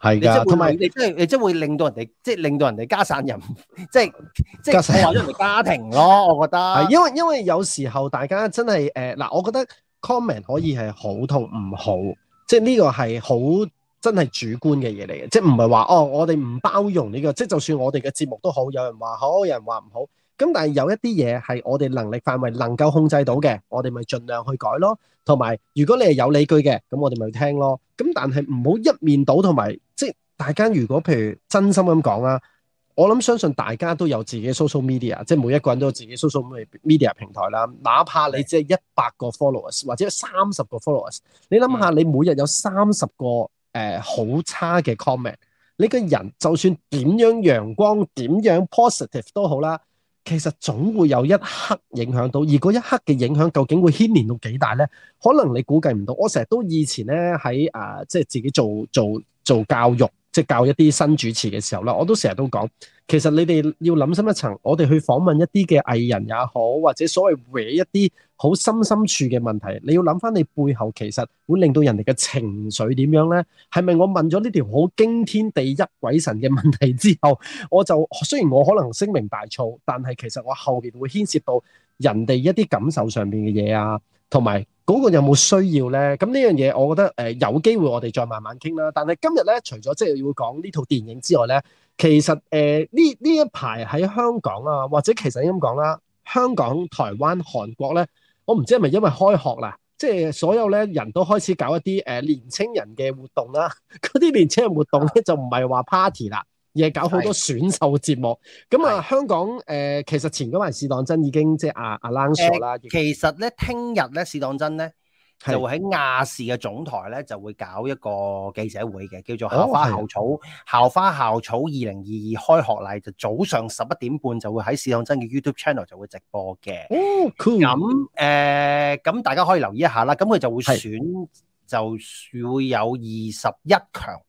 係嘅的，同埋你即係有你即會令到人哋，即、就、係、是、令到人哋家散人，即係即係我話因為家庭咯，我覺得。係，因為因為有時候大家真係誒嗱，我覺得 comment 可以係好同唔好，即係呢個係好真係主觀嘅嘢嚟嘅，即係唔係話哦，我哋唔包容呢、這個，即係就算我哋嘅節目都好，有人話好，有人話唔好。咁但係有一啲嘢係我哋能力範圍能夠控制到嘅，我哋咪盡量去改咯。同埋，如果你係有理據嘅，咁我哋咪聽咯。咁但係唔好一面倒，同埋即係大家如果譬如真心咁講啊，我諗相信大家都有自己 social media，即係每一個人都有自己 social media 平台啦。哪怕你只係一百個 followers 或者三十個 followers，你諗下你每日有三十個誒好、呃、差嘅 comment，你個人就算點樣陽光、點樣 positive 都好啦。其實總會有一刻影響到，而嗰一刻嘅影響究竟會牽連到幾大呢？可能你估計唔到。我成日都以前呢，喺啊，即係自己做做做教育，即係教一啲新主持嘅時候啦，我都成日都講，其實你哋要諗深一層，我哋去訪問一啲嘅藝人也好，或者所謂搲一啲。好深深處嘅問題，你要諗翻你背後其實會令到人哋嘅情緒點樣呢？係咪我問咗呢條好驚天地泣鬼神嘅問題之後，我就雖然我可能聲名大噪，但係其實我後邊會牽涉到人哋一啲感受上面嘅嘢啊，同埋嗰個有冇需要呢？咁呢樣嘢，我覺得誒、呃、有機會我哋再慢慢傾啦。但係今日呢，除咗即係要講呢套電影之外呢，其實誒呢呢一排喺香港啊，或者其實咁講啦，香港、台灣、韓國呢。我唔知係咪因為開學啦，即、就、係、是、所有咧人都開始搞一啲誒、呃、年青人嘅活動啦。嗰 啲年青人活動咧就唔係話 party 啦，的而係搞好多選秀節目。咁啊的，香港誒其實前嗰晚試當真已經即係阿阿朗索啦。其實咧，聽日咧，試當真咧，就喺亞視嘅總台咧，就會搞一個記者會嘅，叫做校花校草，哦、校花校草二零二二開學禮，就早上十一點半就會喺市況真嘅 YouTube channel 就會直播嘅。哦、嗯，咁誒，咁、呃、大家可以留意一下啦。咁佢就會選，的就會有二十一強，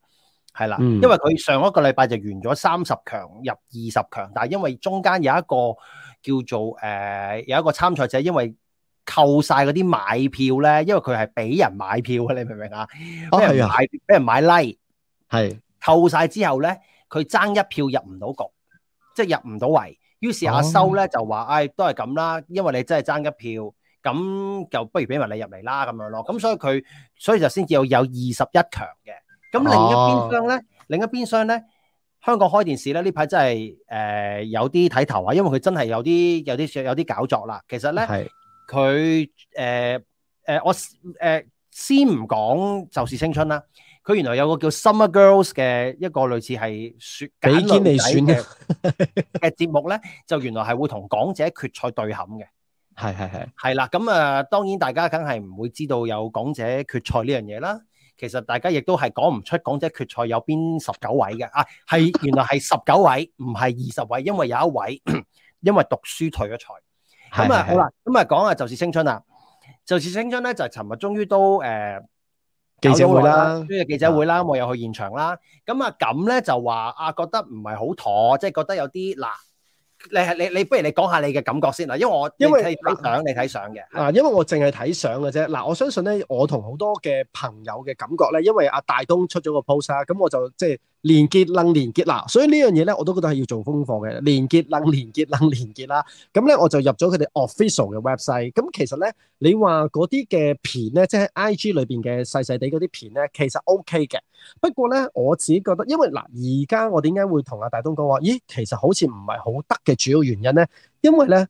係啦，因為佢上一個禮拜就完咗三十強入二十強，但係因為中間有一個叫做誒、呃，有一個參賽者因為。扣晒嗰啲買票咧，因為佢係俾人買票嘅，你明唔明啊？俾、哦、人買俾人買 like，係扣晒之後咧，佢爭一票入唔到局，即係入唔到圍。於是阿修咧就話，唉、哦哎，都係咁啦，因為你真係爭一票，咁就不如俾埋你入嚟啦，咁樣咯。咁所以佢所以就先至有有二十一強嘅。咁另一邊廂咧，哦、另一邊廂咧，香港開電視咧呢排真係誒、呃、有啲睇頭啊，因為佢真係有啲有啲有啲搞作啦。其實咧。佢誒誒我誒、呃、先唔講就是青春啦。佢原來有個叫 Summer Girls 嘅一個類似係你選比堅尼選嘅嘅節目咧，就原來係會同港姐決賽對冚嘅。係係係係啦。咁、嗯、啊，當然大家梗係唔會知道有港姐決賽呢樣嘢啦。其實大家亦都係講唔出港姐決賽有邊十九位嘅啊。係原來係十九位，唔係二十位，因為有一位 因為讀書退咗賽。咁啊， 好啦，咁啊，講下，就是青春啦。就是青春咧，就尋日終於都誒、呃、記者會啦，跟住記者會啦，我又去現場啦。咁、嗯、啊，咁咧就話啊，覺得唔係好妥，即係覺得有啲嗱、啊，你係你你，不如你講下你嘅感覺先啦。因為我因為睇相，你睇相嘅嗱，因為我淨係睇相嘅啫。嗱、啊，我相信咧，我同好多嘅朋友嘅感覺咧，因為阿大東出咗個 post 啦、啊，咁、嗯、我就即係。連結能連結嗱，所以呢樣嘢咧，我都覺得係要做功課嘅連結能連結能連結啦。咁咧，我就入咗佢哋 official 嘅 website。咁其實咧，你話嗰啲嘅片咧，即係 IG 裏邊嘅細細哋嗰啲片咧，其實 OK 嘅。不過咧，我自己覺得，因為嗱，而家我點解會同阿大東講話？咦，其實好似唔係好得嘅主要原因咧，因為咧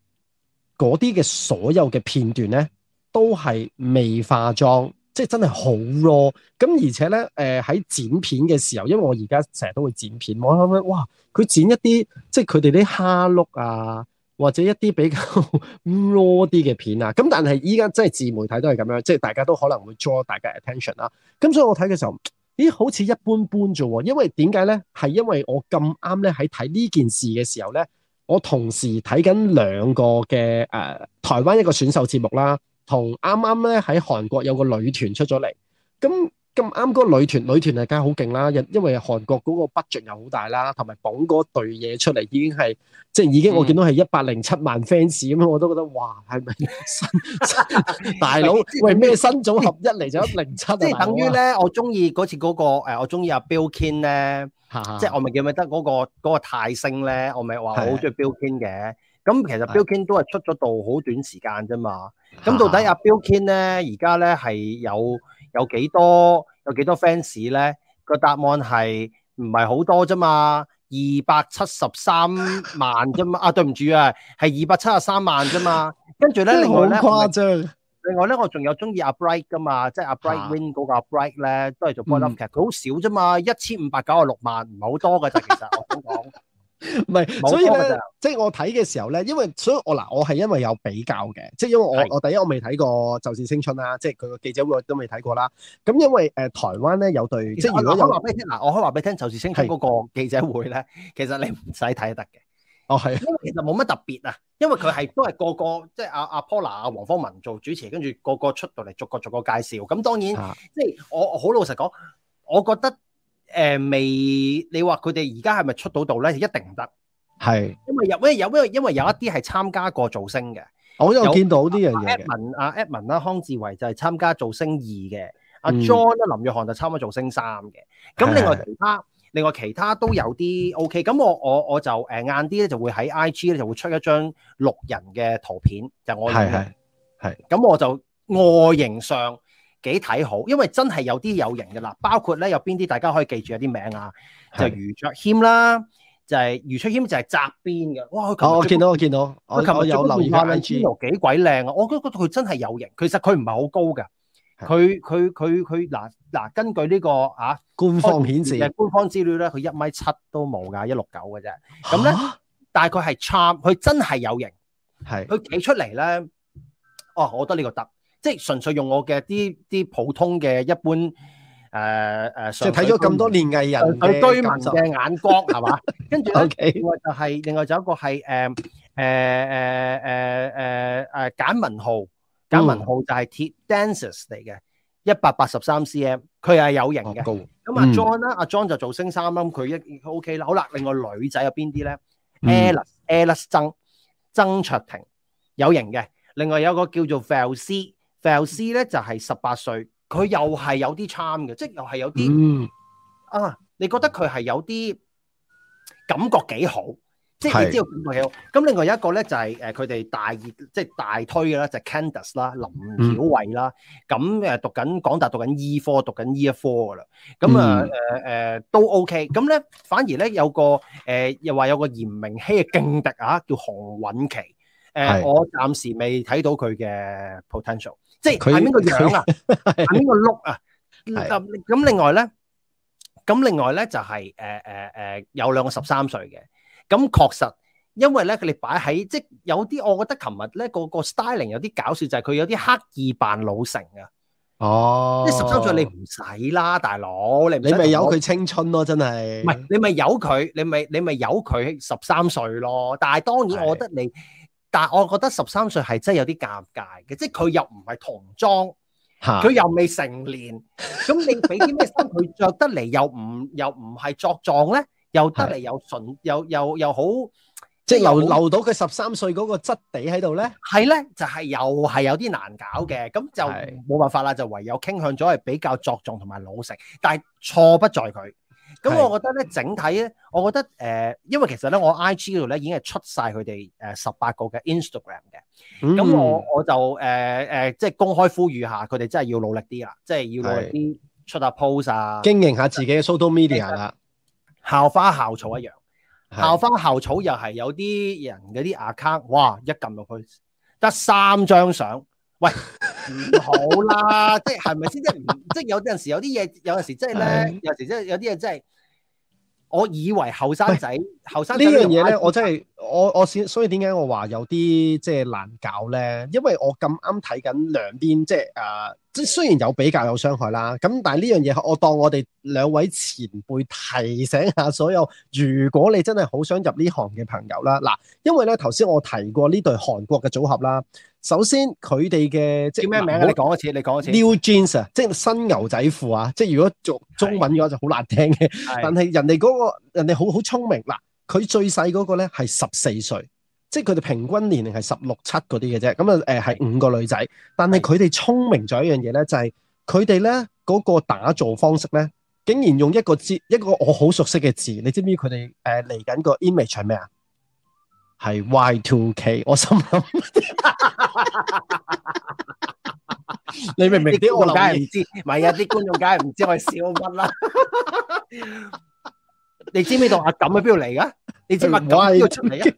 嗰啲嘅所有嘅片段咧，都係未化妝。即係真係好 raw，咁而且咧，誒、呃、喺剪片嘅時候，因為我而家成日都會剪片，我諗哇，佢剪一啲即係佢哋啲蝦碌啊，或者一啲比較 raw 啲嘅片啊，咁但係依家真係自媒體都係咁樣，即係大家都可能會 draw 大家 attention 啦、啊。咁所以我睇嘅時候，咦，好似一般般啫喎，因為點解咧？係因為我咁啱咧喺睇呢件事嘅時候咧，我同時睇緊兩個嘅誒、呃、台灣一個選秀節目啦。同啱啱咧喺韓國有個女團出咗嚟，咁咁啱嗰個女團女團係，梗係好勁啦！因因為韓國嗰個 budget 又好大啦，同埋捧嗰隊嘢出嚟已經係即係已經我見到係一百零七萬 fans 咁啊！嗯、我都覺得哇，係咪新， 新，新大佬？喂，咩新組合一嚟就一零七？即係等於咧，我中意嗰次嗰、那個我中意阿、啊、Billkin 咧，啊、即係我咪叫咪得嗰、那個那個那個泰星咧？我咪話好中意 Billkin 嘅。咁其實 Billkin 都係出咗到好短時間啫嘛，咁到底阿 Billkin 咧而家咧係有有幾多有幾多 fans 咧？個答案係唔係好多啫嘛，二百七十三萬啫嘛，啊對唔住啊，係二百七十三萬啫嘛，跟住咧另外咧，另外咧我仲有中意阿 Bright 噶嘛，即係阿、啊、Bright Win 嗰個、啊、Bright 咧都係做波粒劇，佢好少啫嘛，一千五百九十六萬唔係好多嘅啫，其實我想講。 唔係、啊就是，所以咧，即係我睇嘅時候咧，因為所以我嗱，我係因為有比較嘅，即係因為我是我第一我未睇過《就是青春》啦，即係佢個記者會我都未睇過啦。咁因為誒台灣咧有對，即係如果我講話俾你聽，嗱，我可以話俾你聽《就是青春》嗰個記者會咧，其實你唔使睇得嘅。哦是，係。因為其實冇乜特別啊，因為佢係都係個個，即係阿阿 Paula、阿黃方文做主持，跟住個個出到嚟逐個逐個介紹。咁當然，即係、啊、我我好老實講，我覺得。誒未、嗯？你話佢哋而家係咪出到度咧？一定唔得，係是因為有咩有咩？因為有一啲係參加過造星嘅，我有見到呢樣嘢。阿 Edwin 啦，康志偉就係參加造星二嘅。阿 John 啦，林若韓就參加造星三嘅。咁另外其他另外其他都有啲 OK。咁我我我就誒晏啲咧就會喺 IG 咧就會出一張六人嘅圖片，就是、我係係係。咁是我就外形上。幾睇好，因為真係有啲有型嘅啦。包括咧有邊啲，大家可以記住有啲名啊，就係余卓謙啦，就係余卓謙就係側邊嘅。哇！我見到我見到，我琴日有留意潘安之，又幾鬼靚啊！我覺得佢真係有型。其實佢唔係好高嘅，佢佢佢佢嗱嗱，根據呢個啊官方顯示，官方資料咧佢一米七都冇㗎，一六九嘅啫。咁咧，但係佢係 charm，佢真係有型。係佢企出嚟咧，哦，我覺得呢個得。即係純粹用我嘅啲啲普通嘅一般誒誒，就睇咗咁多年藝人居民嘅眼光係嘛？跟住 OK，另外就係另外就有一個係誒誒誒誒誒誒簡文浩，簡文浩就係 T Dancers 嚟嘅，一百八十三 cm，佢又係有型嘅。咁啊 John 啦，阿 John 就造星三啦，咁佢一 OK 啦，好啦。另外女仔有邊啲咧？Alice Alice 曾曾卓婷有型嘅，另外有個叫做 Fels。Felc 咧就係十八歲，佢又係有啲 charm 嘅，即係又係有啲、嗯、啊。你覺得佢係有啲感覺幾好，是即係你知道感覺幾好。咁另外一個咧就係、是、誒，佢、呃、哋大熱即係大推嘅啦，就是、Candace 啦，林曉慧啦，咁誒讀緊港大，讀緊醫科，讀緊呢一科噶啦。咁、嗯嗯、啊誒誒、呃、都 OK、嗯。咁咧反而咧有個誒、呃、又話有個嚴明希嘅勁敵啊，叫洪韻琪。誒、呃是呃，我暫時未睇到佢嘅 potential。即係邊個個樣啊，邊個 個碌啊，咁 是、啊、另外咧，咁另外咧就係誒誒誒，有兩個十三歲嘅，咁確實，因為咧佢哋擺喺即係有啲，我覺得琴日咧個個，個 styling 有啲搞笑，就係、是、佢有啲刻意扮老成、哦、啊。哦，即係十三歲你唔使啦，大佬，你你咪有佢青春咯，真係，唔係你咪有佢，你咪你咪由佢十三歲咯，但係當然我覺得你是。 但係我覺得十三歲係真係有啲尷尬嘅，即係佢又唔係童裝，
佢又
未成年，咁你俾啲咩衫佢着得嚟又唔又唔係作狀咧，又得嚟又純又又又好，即係留留到佢十三歲嗰個質地喺度咧。係咧，就係、是、又係有啲難搞嘅，咁 就冇辦法啦，就唯有傾向咗係比較作狀同埋老成，但係錯不在佢。咁我覺得咧，整體咧，我覺得誒、呃，因為其實咧，我 IG 嗰度咧已經係出晒佢哋誒十八個嘅 Instagram 嘅。咁、嗯、我我就誒誒、呃呃，即係公開呼籲下佢哋真係要努力啲啦，是即係要努力啲出下 post 啊，經營下自己嘅 social media 啦。校花校草一樣，是校花校草又係有啲人嗰啲 account，哇！一撳落去得三張相。 喂，唔好啦， 即係係咪先？是是 即係即係有陣時有啲嘢，有陣時真係咧，有陣時真係有啲嘢，真係我以為後生仔後生呢樣嘢咧，我真係。我我先，所以點解我話有啲即係難搞咧？因為我咁啱睇緊兩邊，即係啊，即、呃、即係雖然有比較有傷害啦，咁但係呢樣嘢，我當我哋兩位前輩提醒下所有，如果你真係好想入呢行嘅朋友啦，嗱，因為咧頭先我提過呢對韓國嘅組合啦，首先佢哋嘅即係叫咩名啊？你講一次，你講一次，New Jeans 啊，即係新牛仔褲啊，即係如果做中文嘅話就好難聽嘅，但係人哋嗰個人哋好好聰明嗱。佢最細嗰個咧，係十四歲，即係佢哋平均年齡係十六七嗰啲嘅啫。咁啊，誒係五個女仔，但係佢哋聰明咗一樣嘢咧，就係佢哋咧嗰個打造方式咧，竟然用一個字，一個我好熟悉嘅字。你知唔知佢哋誒嚟緊個 image 係咩 啊？係 Y2K。我心諗，你明唔明啲，我梗係唔知，唔係啊？啲觀眾梗係唔知我笑乜啦。你知唔知同阿錦喺邊度嚟噶？你知唔知阿錦要出嚟啊？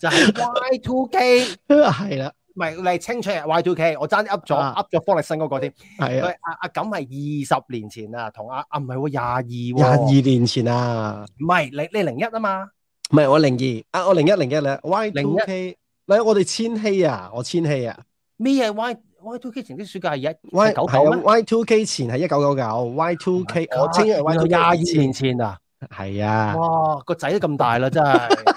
就係 Y2K 係啦，唔係嚟清楚 Y2K，我爭啲 up 咗 up 咗方力申嗰個添。係啊，阿阿錦係二十年前啊，同阿阿唔係喎，廿二廿二年前啊，唔係你你零一啊嘛？唔係我零二，啊、嗯、我零一零一咧。Y2K，嗱我哋千禧啊，我千禧啊。咩係 Y Y2K 前啲暑假係一九九九咩？Y2K 前係一九九九，Y2K 我千二廿二年前啊。係啊，哇，個仔都咁大啦，真係。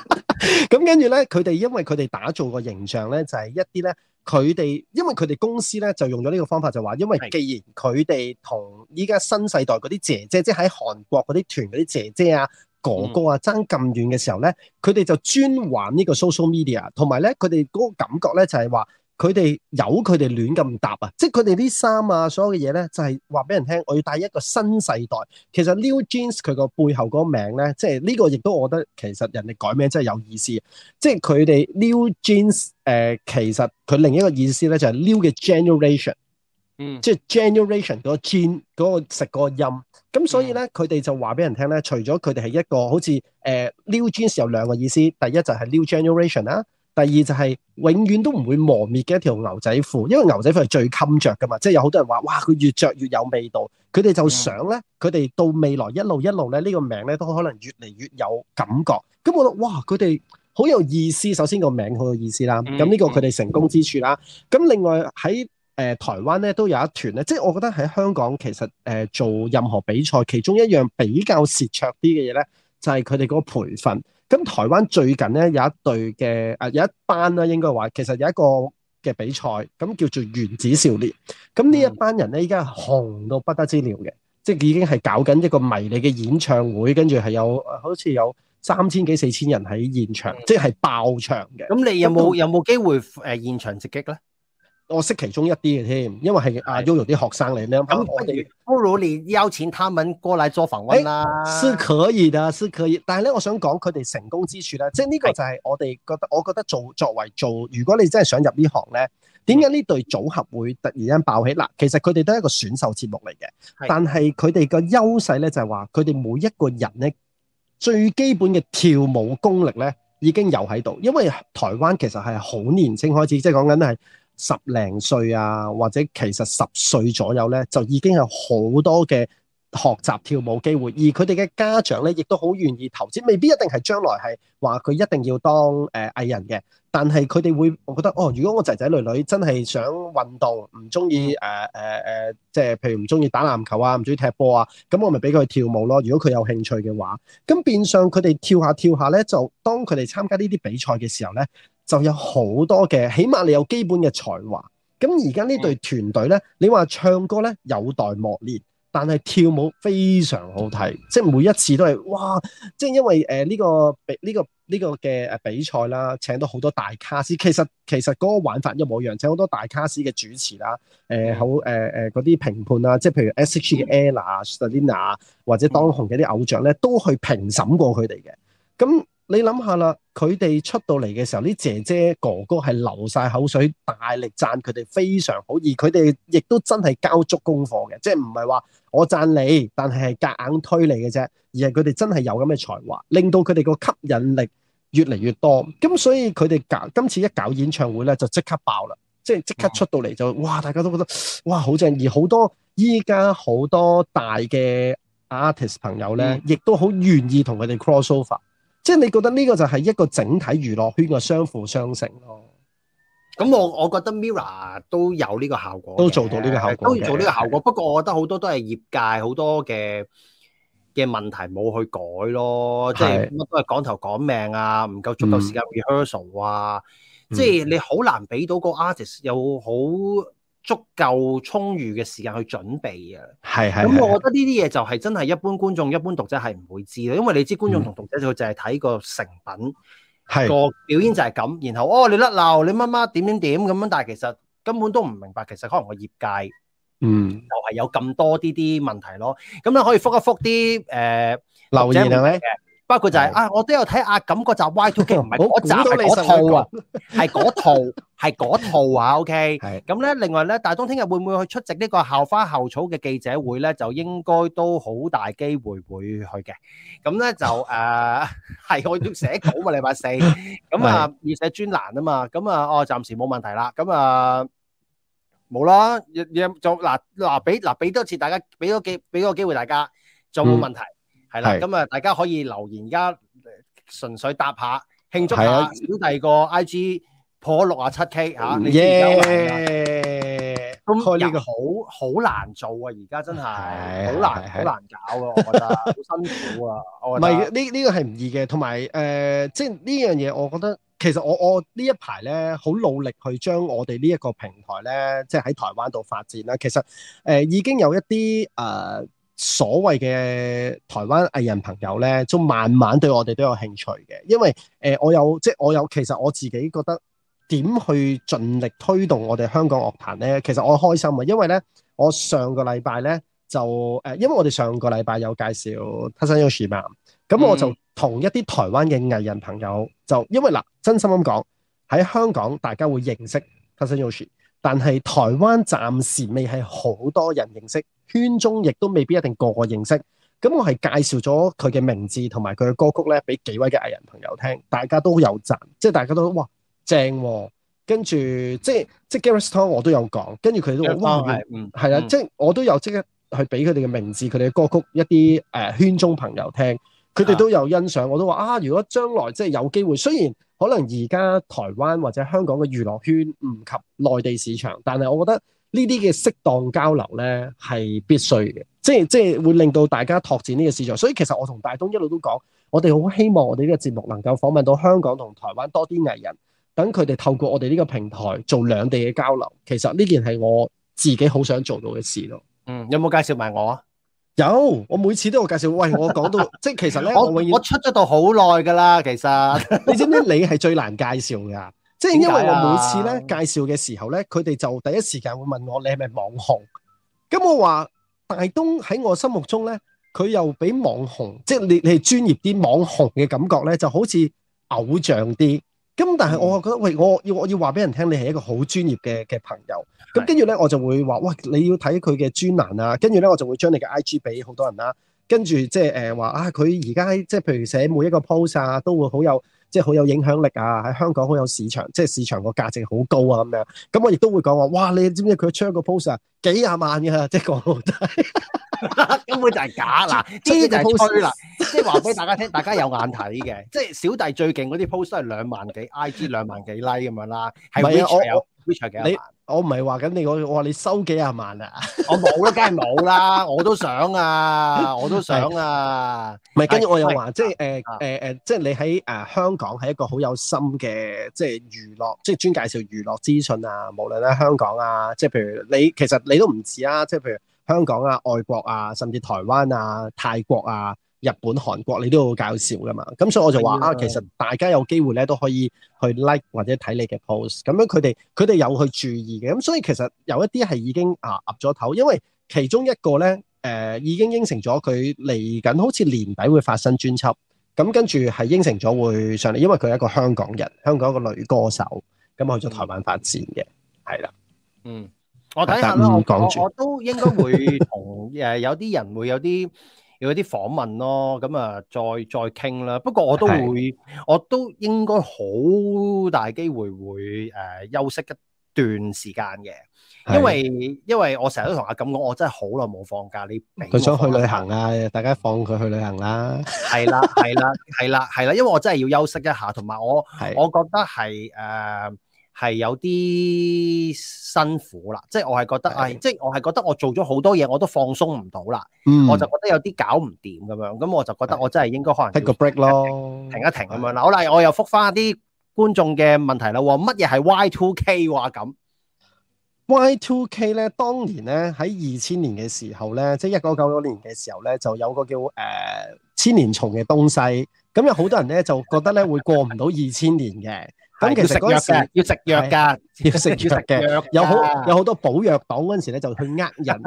咁 跟住咧，佢哋因為佢哋打造個形象咧，就係、是、一啲咧，佢哋因為佢哋公司咧就用咗呢個方法就，就話因為既然佢哋同依家新世代嗰啲姐姐，即係喺韓國嗰啲團嗰啲姐姐啊、哥哥啊爭咁遠嘅時候咧，佢哋就專玩呢個 social media，同埋咧佢哋嗰個感覺咧就係話。佢哋由佢哋亂咁搭啊！即係佢哋啲衫啊，所有嘅嘢咧，就係話俾人聽，我要帶一個新世代。其實 new jeans 佢個背後嗰個名咧，即係呢個亦都我覺得其實人哋改名真係有意思。即係佢哋 new jeans，誒、呃，其實佢另一個意思咧就係 new 嘅 generation。嗯，即係 generation 個 gen 嗰個食個音。咁所以咧，佢哋就話俾人聽咧，除咗佢哋係一個好似誒 new、呃、jeans 有兩個意思，第一就係 new generation 啦、啊。第二就係永遠都唔會磨滅嘅一條牛仔褲，因為牛仔褲係最襟着㗎嘛，即係有好多人話，哇，佢越着越有味道。佢哋就想咧，佢哋到未來一路一路咧，呢、這個名咧都可能越嚟越有感覺。咁我覺得哇，佢哋好有意思。首先個名好有意思啦，咁、這、呢個佢哋成功之處啦。咁另外喺誒、呃、台灣咧都有一團咧，即係我覺得喺香港其實誒、呃、做任何比賽，其中一樣比較蝕灼啲嘅嘢咧，就係佢哋嗰個培訓。咁台灣最近咧有一隊嘅，啊有一班啦，應該話其實有一個嘅比賽，咁叫做原子少年，咁呢一班人咧依家紅到不得之了嘅，即係已經係搞緊一個迷你嘅演唱會，跟住係有好似有三千幾四千人喺現場，的即係爆場嘅。咁你有冇有冇都機會誒現場直擊咧？我識其中一啲嘅添，因為係阿 Yoyo 啲學生嚟，咁的我哋不如你邀請他們過嚟做訪問啦，欸，是可以的，係可以。但係咧，我想講佢哋成功之處咧，即係呢個就係我哋覺得，我覺得做作為做，如果你真係想入呢行咧，點解呢隊組合會突然間爆起？嗱、嗯，其實佢哋都係一個選秀節目嚟嘅，的但係佢哋個優勢咧就係話，佢哋每一個人咧最基本嘅跳舞功力咧已經有喺度，因為台灣其實係好年青開始，即係講緊係。十零歲啊，或者其實十歲左右呢，就已經有好多嘅學習跳舞機會，而佢哋嘅家長呢，亦都好願意投資，未必一定係將來係話佢一定要當誒藝人嘅，但係佢哋會，我覺得哦，如果我仔仔女女真係想運動，唔中意誒誒即係譬如唔中意打籃球啊，唔中意踢波啊，咁我咪俾佢跳舞咯。如果佢有興趣嘅話，咁變相佢哋跳下跳下呢，就當佢哋參加呢啲比賽嘅時候呢，就有好多嘅，起碼你有基本嘅才華。咁而家呢隊團隊咧，你話唱歌咧有待磨練，但係跳舞非常好睇，即係每一次都係哇！即係因為誒呢、呃呢個比呢、呢個呢、呢個嘅誒比賽啦，請到好多大卡司。其實其實嗰個玩法一模一樣，請好多大卡司嘅主持啦，誒、呃、好誒誒嗰啲評判啊，即係譬如 S.H.E 嘅 Ella、Selina 啊或者當紅嘅啲偶像咧，都去評審過佢哋嘅。咁你諗下啦。佢哋出到嚟嘅時候，啲姐姐哥哥係流晒口水，大力讚佢哋非常好，而佢哋亦都真係交足功課嘅，即係唔係話我讚你，但係係夾硬推你嘅啫，而係佢哋真係有咁嘅才華，令到佢哋個吸引力越嚟越多。咁所以佢哋搞今次一搞演唱會咧，就即刻爆啦，即係即刻出到嚟就哇，大家都覺得哇好正，而好多依家好多大嘅 artist 朋友咧，亦都好願意同佢哋 cross over。即係你覺得呢個就係一個整體娛樂圈嘅相輔相成咯。咁我我覺得 Mirror 都有呢個，個，個效果，都做到呢個效果，都做呢個效果。不過我覺得好多都係業界好多嘅嘅問題冇去改咯。的即係乜都係趕頭趕命啊，唔夠足夠時間 rehearsal 啊。嗯、即係你好難俾到個 artist 有好。足夠充裕嘅時間去準備啊，係係。咁我覺得呢啲嘢就係真係一般觀眾，一般讀者係唔會知啦，因為你知觀眾同讀者就淨係睇個成品，係個表演就係咁。然後哦，你甩漏，你乜乜點點點咁樣，但係其實根本都唔明白，其實可能個業界嗯，就係有咁多啲啲問題咯。咁你可以覆一覆啲誒留言係咪？包括就係啊，我都有睇啊，感覺集 Y2K 唔係嗰集，係嗰套啊，係嗰套，係嗰套啊。OK，咁咧，另外咧，大東聽日會唔會去出席呢個校花校草嘅記者會咧？就應該都好大機會會去嘅。咁咧就誒，係我要寫稿嘛，禮拜四咁啊，要寫專欄啊嘛，咁啊，哦，暫時冇問題啦，咁啊冇啦，亦亦就嗱嗱俾嗱俾多次大家俾多幾俾多個機會大家，仲冇問題。係啦，咁啊，大家可以留言，而家純粹搭下慶祝下小弟個 IG 破六啊七 K 吓，耶！咁呢個好好難做啊，而家真係好的難好難搞啊，我覺得好辛苦啊。唔係呢呢個係唔易嘅，同埋誒，即係呢樣嘢，我覺得、， 呃、我覺得其實我我一呢一排咧，好努力去將我哋呢一個平台咧，即係喺台灣度發展啦。其實誒、呃，已經有一啲誒。呃所謂嘅台灣藝人朋友呢，都慢慢對我哋都有興趣嘅，因為誒、呃，我有即係我有，其實我自己覺得點去盡力推動我哋香港樂壇呢？其實我開心啊，因為呢，我上個禮拜呢，就誒、呃，因為我哋上個禮拜有介紹 Tyson Yoshi 嘛，咁我就同一啲台灣嘅藝人朋友就，嗯、因為嗱，真心咁講喺香港大家會認識 Tyson Yoshi，但係台灣暫時未係好多人認識。圈中亦都未必一定個個認識，咁我係介紹咗佢嘅名字同埋佢嘅歌曲咧，俾幾位嘅藝人朋友聽，大家都有讚，即係大家都哇正、啊，跟住即係即係 Gareth Tong 我都有講，跟住佢都好歡迎，係啊，即係我都有即刻去俾佢哋嘅名字、佢哋嘅歌曲一啲誒、呃、圈中朋友聽，佢哋都有欣賞，我都話啊，如果將來即係有機會，雖然可能而家台灣或者香港嘅娛樂圈唔及內地市場，但係我覺得。呢啲嘅適當交流呢係必須嘅，即係即係會令到大家拓展呢個市場。所以其實我同大東一路都講，我哋好希望我哋呢個節目能夠訪問到香港同台灣多啲藝人，等佢哋透過我哋呢個平台做兩地嘅交流。其實呢件係我自己好想做到嘅事咯。嗯，有冇介紹埋我啊？有，我每次都有介紹。喂，我講到 即係其實呢，我我出咗到好耐㗎啦。其實 你知唔知你係最難介紹㗎？即係因為我每次咧介紹嘅時候咧，佢哋就第一時間會問我你係咪網紅？咁我話大東喺我心目中咧，佢又比網紅，即係你你係專業啲網紅嘅感覺咧，就好似偶像啲。咁但係我覺得喂，我要我要話俾人聽，你係一個好專業嘅嘅朋友。咁的跟住咧，我就會話哇，你要睇佢嘅專欄啊。跟住咧，我就會將你嘅 I G 俾好多人啦、啊。跟住即係誒話啊，佢而家即係譬如寫每一個 post 啊，都會好有，即係好有影響力啊！喺香港好有市場，即係市場個價值好高啊咁樣。咁我亦都會講話，哇！你知唔知佢 share 個 post 啊幾廿萬嘅，即係講到底根本就係假嗱，呢啲就係吹啦。是是 即係話俾大家聽，大家有眼睇嘅。即係 小弟最勁嗰啲 post 都係兩萬幾，IG 兩萬幾 like 咁樣啦，係 w 你我唔係話緊你，我你我話你收幾十萬啊？ 我冇啦，梗係冇啦，我都想啊，我都想啊。唔係 的，跟住我又話的、呃呃，即係誒誒誒，即係你喺誒香港係一個好有心嘅，即係娛樂，即係專介紹娛樂資訊啊。無論喺香港啊，即係譬如你，其實你都唔止啊。即係譬如香港啊、外國啊，甚至台灣啊、泰國啊。日本、韓國，你都好搞笑噶嘛？咁、嗯、所以我就話的啊，其實大家有機會咧都可以去 like 或者睇你嘅 posts。咁樣佢哋佢哋有去注意嘅。咁、嗯、所以其實有一啲係已經啊壓咗頭，因為其中一個咧誒、呃、已經應承咗佢嚟緊，好似年底會發新專輯。咁跟住係應承咗會上嚟，因為佢係一個香港人，香港一個女歌手，咁去咗台灣發展嘅，係啦。嗯，我睇下咯。我都應該會同誒、 呃、有啲人會有啲。有有啲訪問咯，咁啊，再再傾啦。不過我都會，的我都應該好大機會會誒、呃、休息一段時間嘅，因為的因為我成日都同阿錦講，我真係好耐冇放假。你明。」佢想去旅行啊？大家放佢去旅行啦、啊！係 啦，係啦，係啦，係啦，因為我真係要休息一下，同埋我的我覺得係誒。呃係有啲辛苦啦，即係我係覺得，啊的，即係、哎就是、我係覺得我做咗好多嘢，我都放鬆唔到啦，我就覺得有啲搞唔掂咁樣，咁我就覺得我真係應該可能 take break 咯，停一停咁樣啦。的好啦，我又覆返啲觀眾嘅問題啦。話乜嘢係 Y two K 話咁？Y two K 咧，當年咧喺二千年嘅時候咧，即係一九九九年嘅時候咧，就有個叫誒、呃、千年蟲嘅東西。咁、嗯、有好多人咧就覺得咧會過唔到二千年嘅，咁其實嗰時要食藥㗎，要食藥嘅，有好有好多補藥黨嗰陣時咧就去呃人，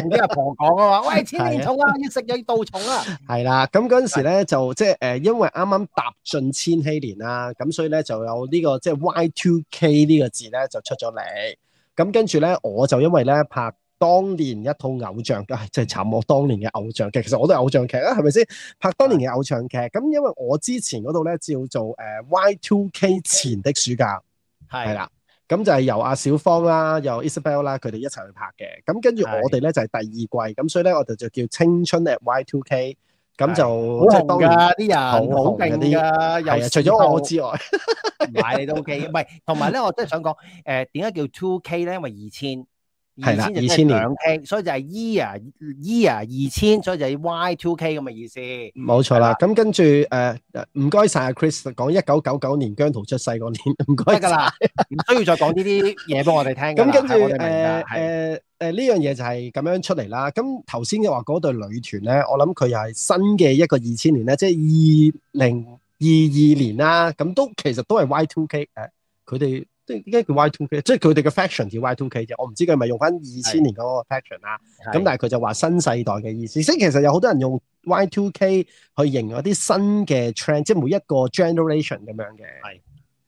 同啲阿婆講啊話，喂，千年蟲啊，啊要食藥要導蟲啊，係啦、啊，咁嗰陣時咧就即係誒，因為啱啱踏進千禧年啦，咁所以咧就有呢、這個即係、就是、Y2K 呢個字咧就出咗嚟，咁跟住咧我就因為咧拍。當年一套偶像嘅，即係沉沒當年嘅偶像劇。其實我都係偶像劇啦，係咪先拍當年嘅偶像劇？咁因為我之前嗰度咧叫做誒 Y Two K 前的暑假，係啦的，咁的就係由阿小芳啦，由 Isabel 啦，佢哋一齊去拍嘅。咁跟住我哋咧就係第二季，咁的所以咧我哋就叫青春誒 Y Two K，咁的就好紅噶，啲人好紅嗰啲噶，係些除咗我之外，買 你都 OK。唔係， 同埋咧，我真係想講誒，點解叫 Two K 咧？因為二千。係啦，二千年，所以就係 year year 二千，所以就係 Y two K 咁嘅意思。冇錯啦，咁跟住誒，唔該晒 Chris 講一九九九年姜濤出世嗰年，唔該噶啦，唔需要再講呢啲嘢幫我哋聽。咁跟住誒誒誒呢樣嘢就係咁樣出嚟啦。咁頭先嘅話嗰對女團咧，我諗佢又係新嘅一個二千年咧，即係二零二二年啦。咁都、嗯、其實都係 Y two K 誒，佢哋。即係點解叫 Y2K？即係佢哋嘅 faction 叫 Y2K 啫，我唔知佢係咪用翻二千年嗰個 faction 啊，咁但係佢就話新世代嘅意思，即係其實有好多人用 Y2K 去形容一啲新嘅 trend，即係每一個 generation 咁樣嘅。係的，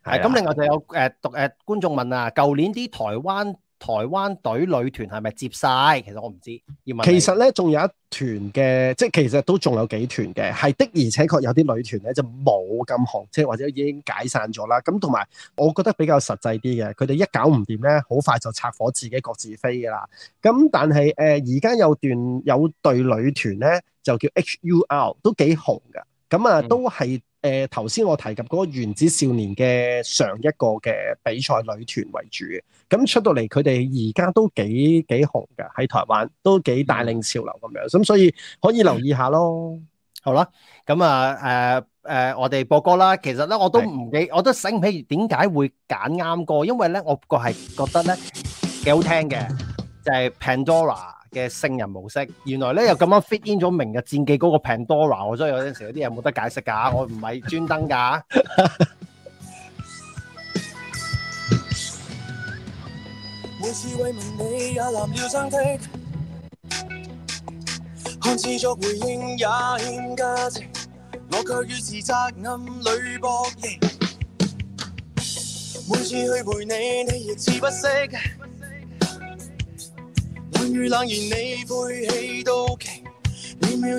係的。咁另外就有誒讀誒觀眾問啊，舊年啲台灣，台灣隊女團係咪接晒？其實我唔知要問。其實咧，仲有一團嘅，即係其實都仲有幾團嘅，係的，的而且確有啲女團咧就冇咁紅，即係或者已經解散咗啦。咁同埋，我覺得比較實際啲嘅，佢哋一搞唔掂咧，好快就拆伙自己各自飛噶啦。咁但係誒，而家有段有隊女團咧，就叫 HUL，都幾紅噶。咁啊，嗯、都係誒頭先我提及嗰個原子少年嘅上一個嘅比賽女團為主嘅，咁出到嚟佢哋而家都幾幾紅嘅喺台灣，都幾帶領潮流咁樣，咁、嗯、所以可以留意下咯，嗯、好啦，咁啊誒誒、呃呃，我哋播歌啦，其實咧我都唔記得，我都，是我都醒唔起點解會揀啱歌，因為咧我個係覺得咧幾好聽嘅，就係、是、Pandora。嘅聖人模式，原來咧又咁樣 fit in 咗明日戰記嗰個 Pandora，我所以有陣時有啲嘢冇得解釋㗎，我唔係專登㗎。冷你你。背到妙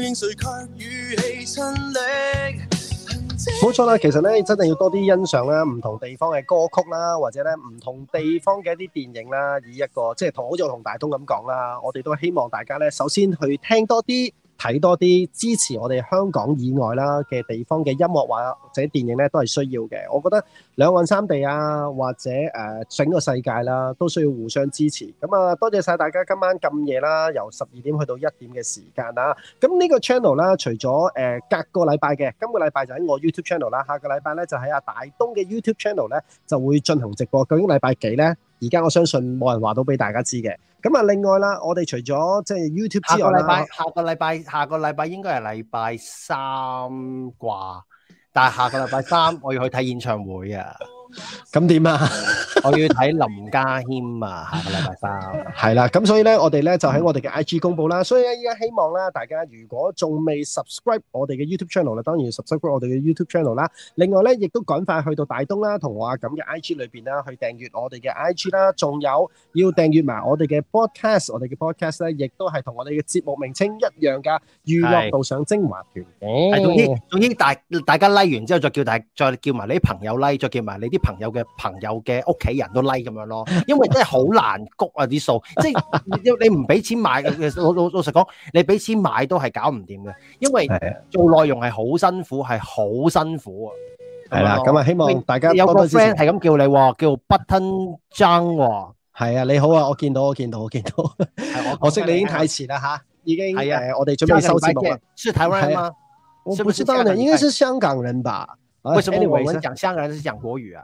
冇錯啦，其實咧，真係要多啲欣賞啦，唔同地方嘅歌曲啦，或者咧唔同地方嘅一啲電影啦，以一個即係同好似我同大通咁講啦，我哋都希望大家咧，首先去聽多啲。睇多啲支持我哋香港以外啦嘅地方嘅音樂或者電影呢，都係需要嘅。我覺得兩岸三地啊，或者誒、呃、整個世界啦、啊，都需要互相支持。咁啊，多謝晒大家今晚咁夜啦，由十二點去到一點嘅時間啦。咁呢個 channel 啦，除咗誒、呃、隔個禮拜嘅，今個禮拜就喺我 YouTube channel 啦，下個禮拜呢就喺阿大東嘅 YouTube channel 呢就會進行直播。究竟禮拜幾呢？而家我相信冇人話到俾大家知嘅。咁啊，另外啦，我哋除咗即係 YouTube 之外，下個禮拜，下個禮拜，下個禮拜應該係禮拜三啩，但係下個禮拜三我要去睇 演唱會啊。咁點啊？我要睇林家謙啊，下個禮拜三係啦。咁所以咧，我哋咧就喺我哋嘅 I G 公布啦。所以咧，依家希望咧，大家如果仲未 subscribe 我哋嘅 YouTube channel 咧，當然 subscribe 我哋嘅 YouTube channel 啦。另外咧，亦都趕快去到大東啦，同我阿錦嘅 I G 裏邊啦，去訂閱我哋嘅 I G 啦。仲有要訂閱埋我哋嘅 podcast，我哋嘅 podcast 咧，亦都係同我哋嘅節目名稱一樣噶，娛樂道上精華團。係，總之總之大大家 like 完之後，再叫大，再叫埋你啲朋友 like，再叫埋你啲。朋友嘅朋友嘅屋企人都 like 咁樣咯，因為真係好難谷啊啲數， 即係你唔俾錢買，老老老實講，你俾錢買都係搞唔掂嘅，因為做內容係好辛苦，係好辛苦啊。係啦的，咁啊吧，希望大家有個 friend 係咁叫你，叫 Button Zhang 喎。係啊，你好啊，我見到，我見到，我見到。我， 可惜你已經太遲啦嚇，的的已經係啊，的我哋準備收節目啦。是台灣嗎？我不知道呢，應該是香港人吧？為什麼我們講香港人是講國語啊？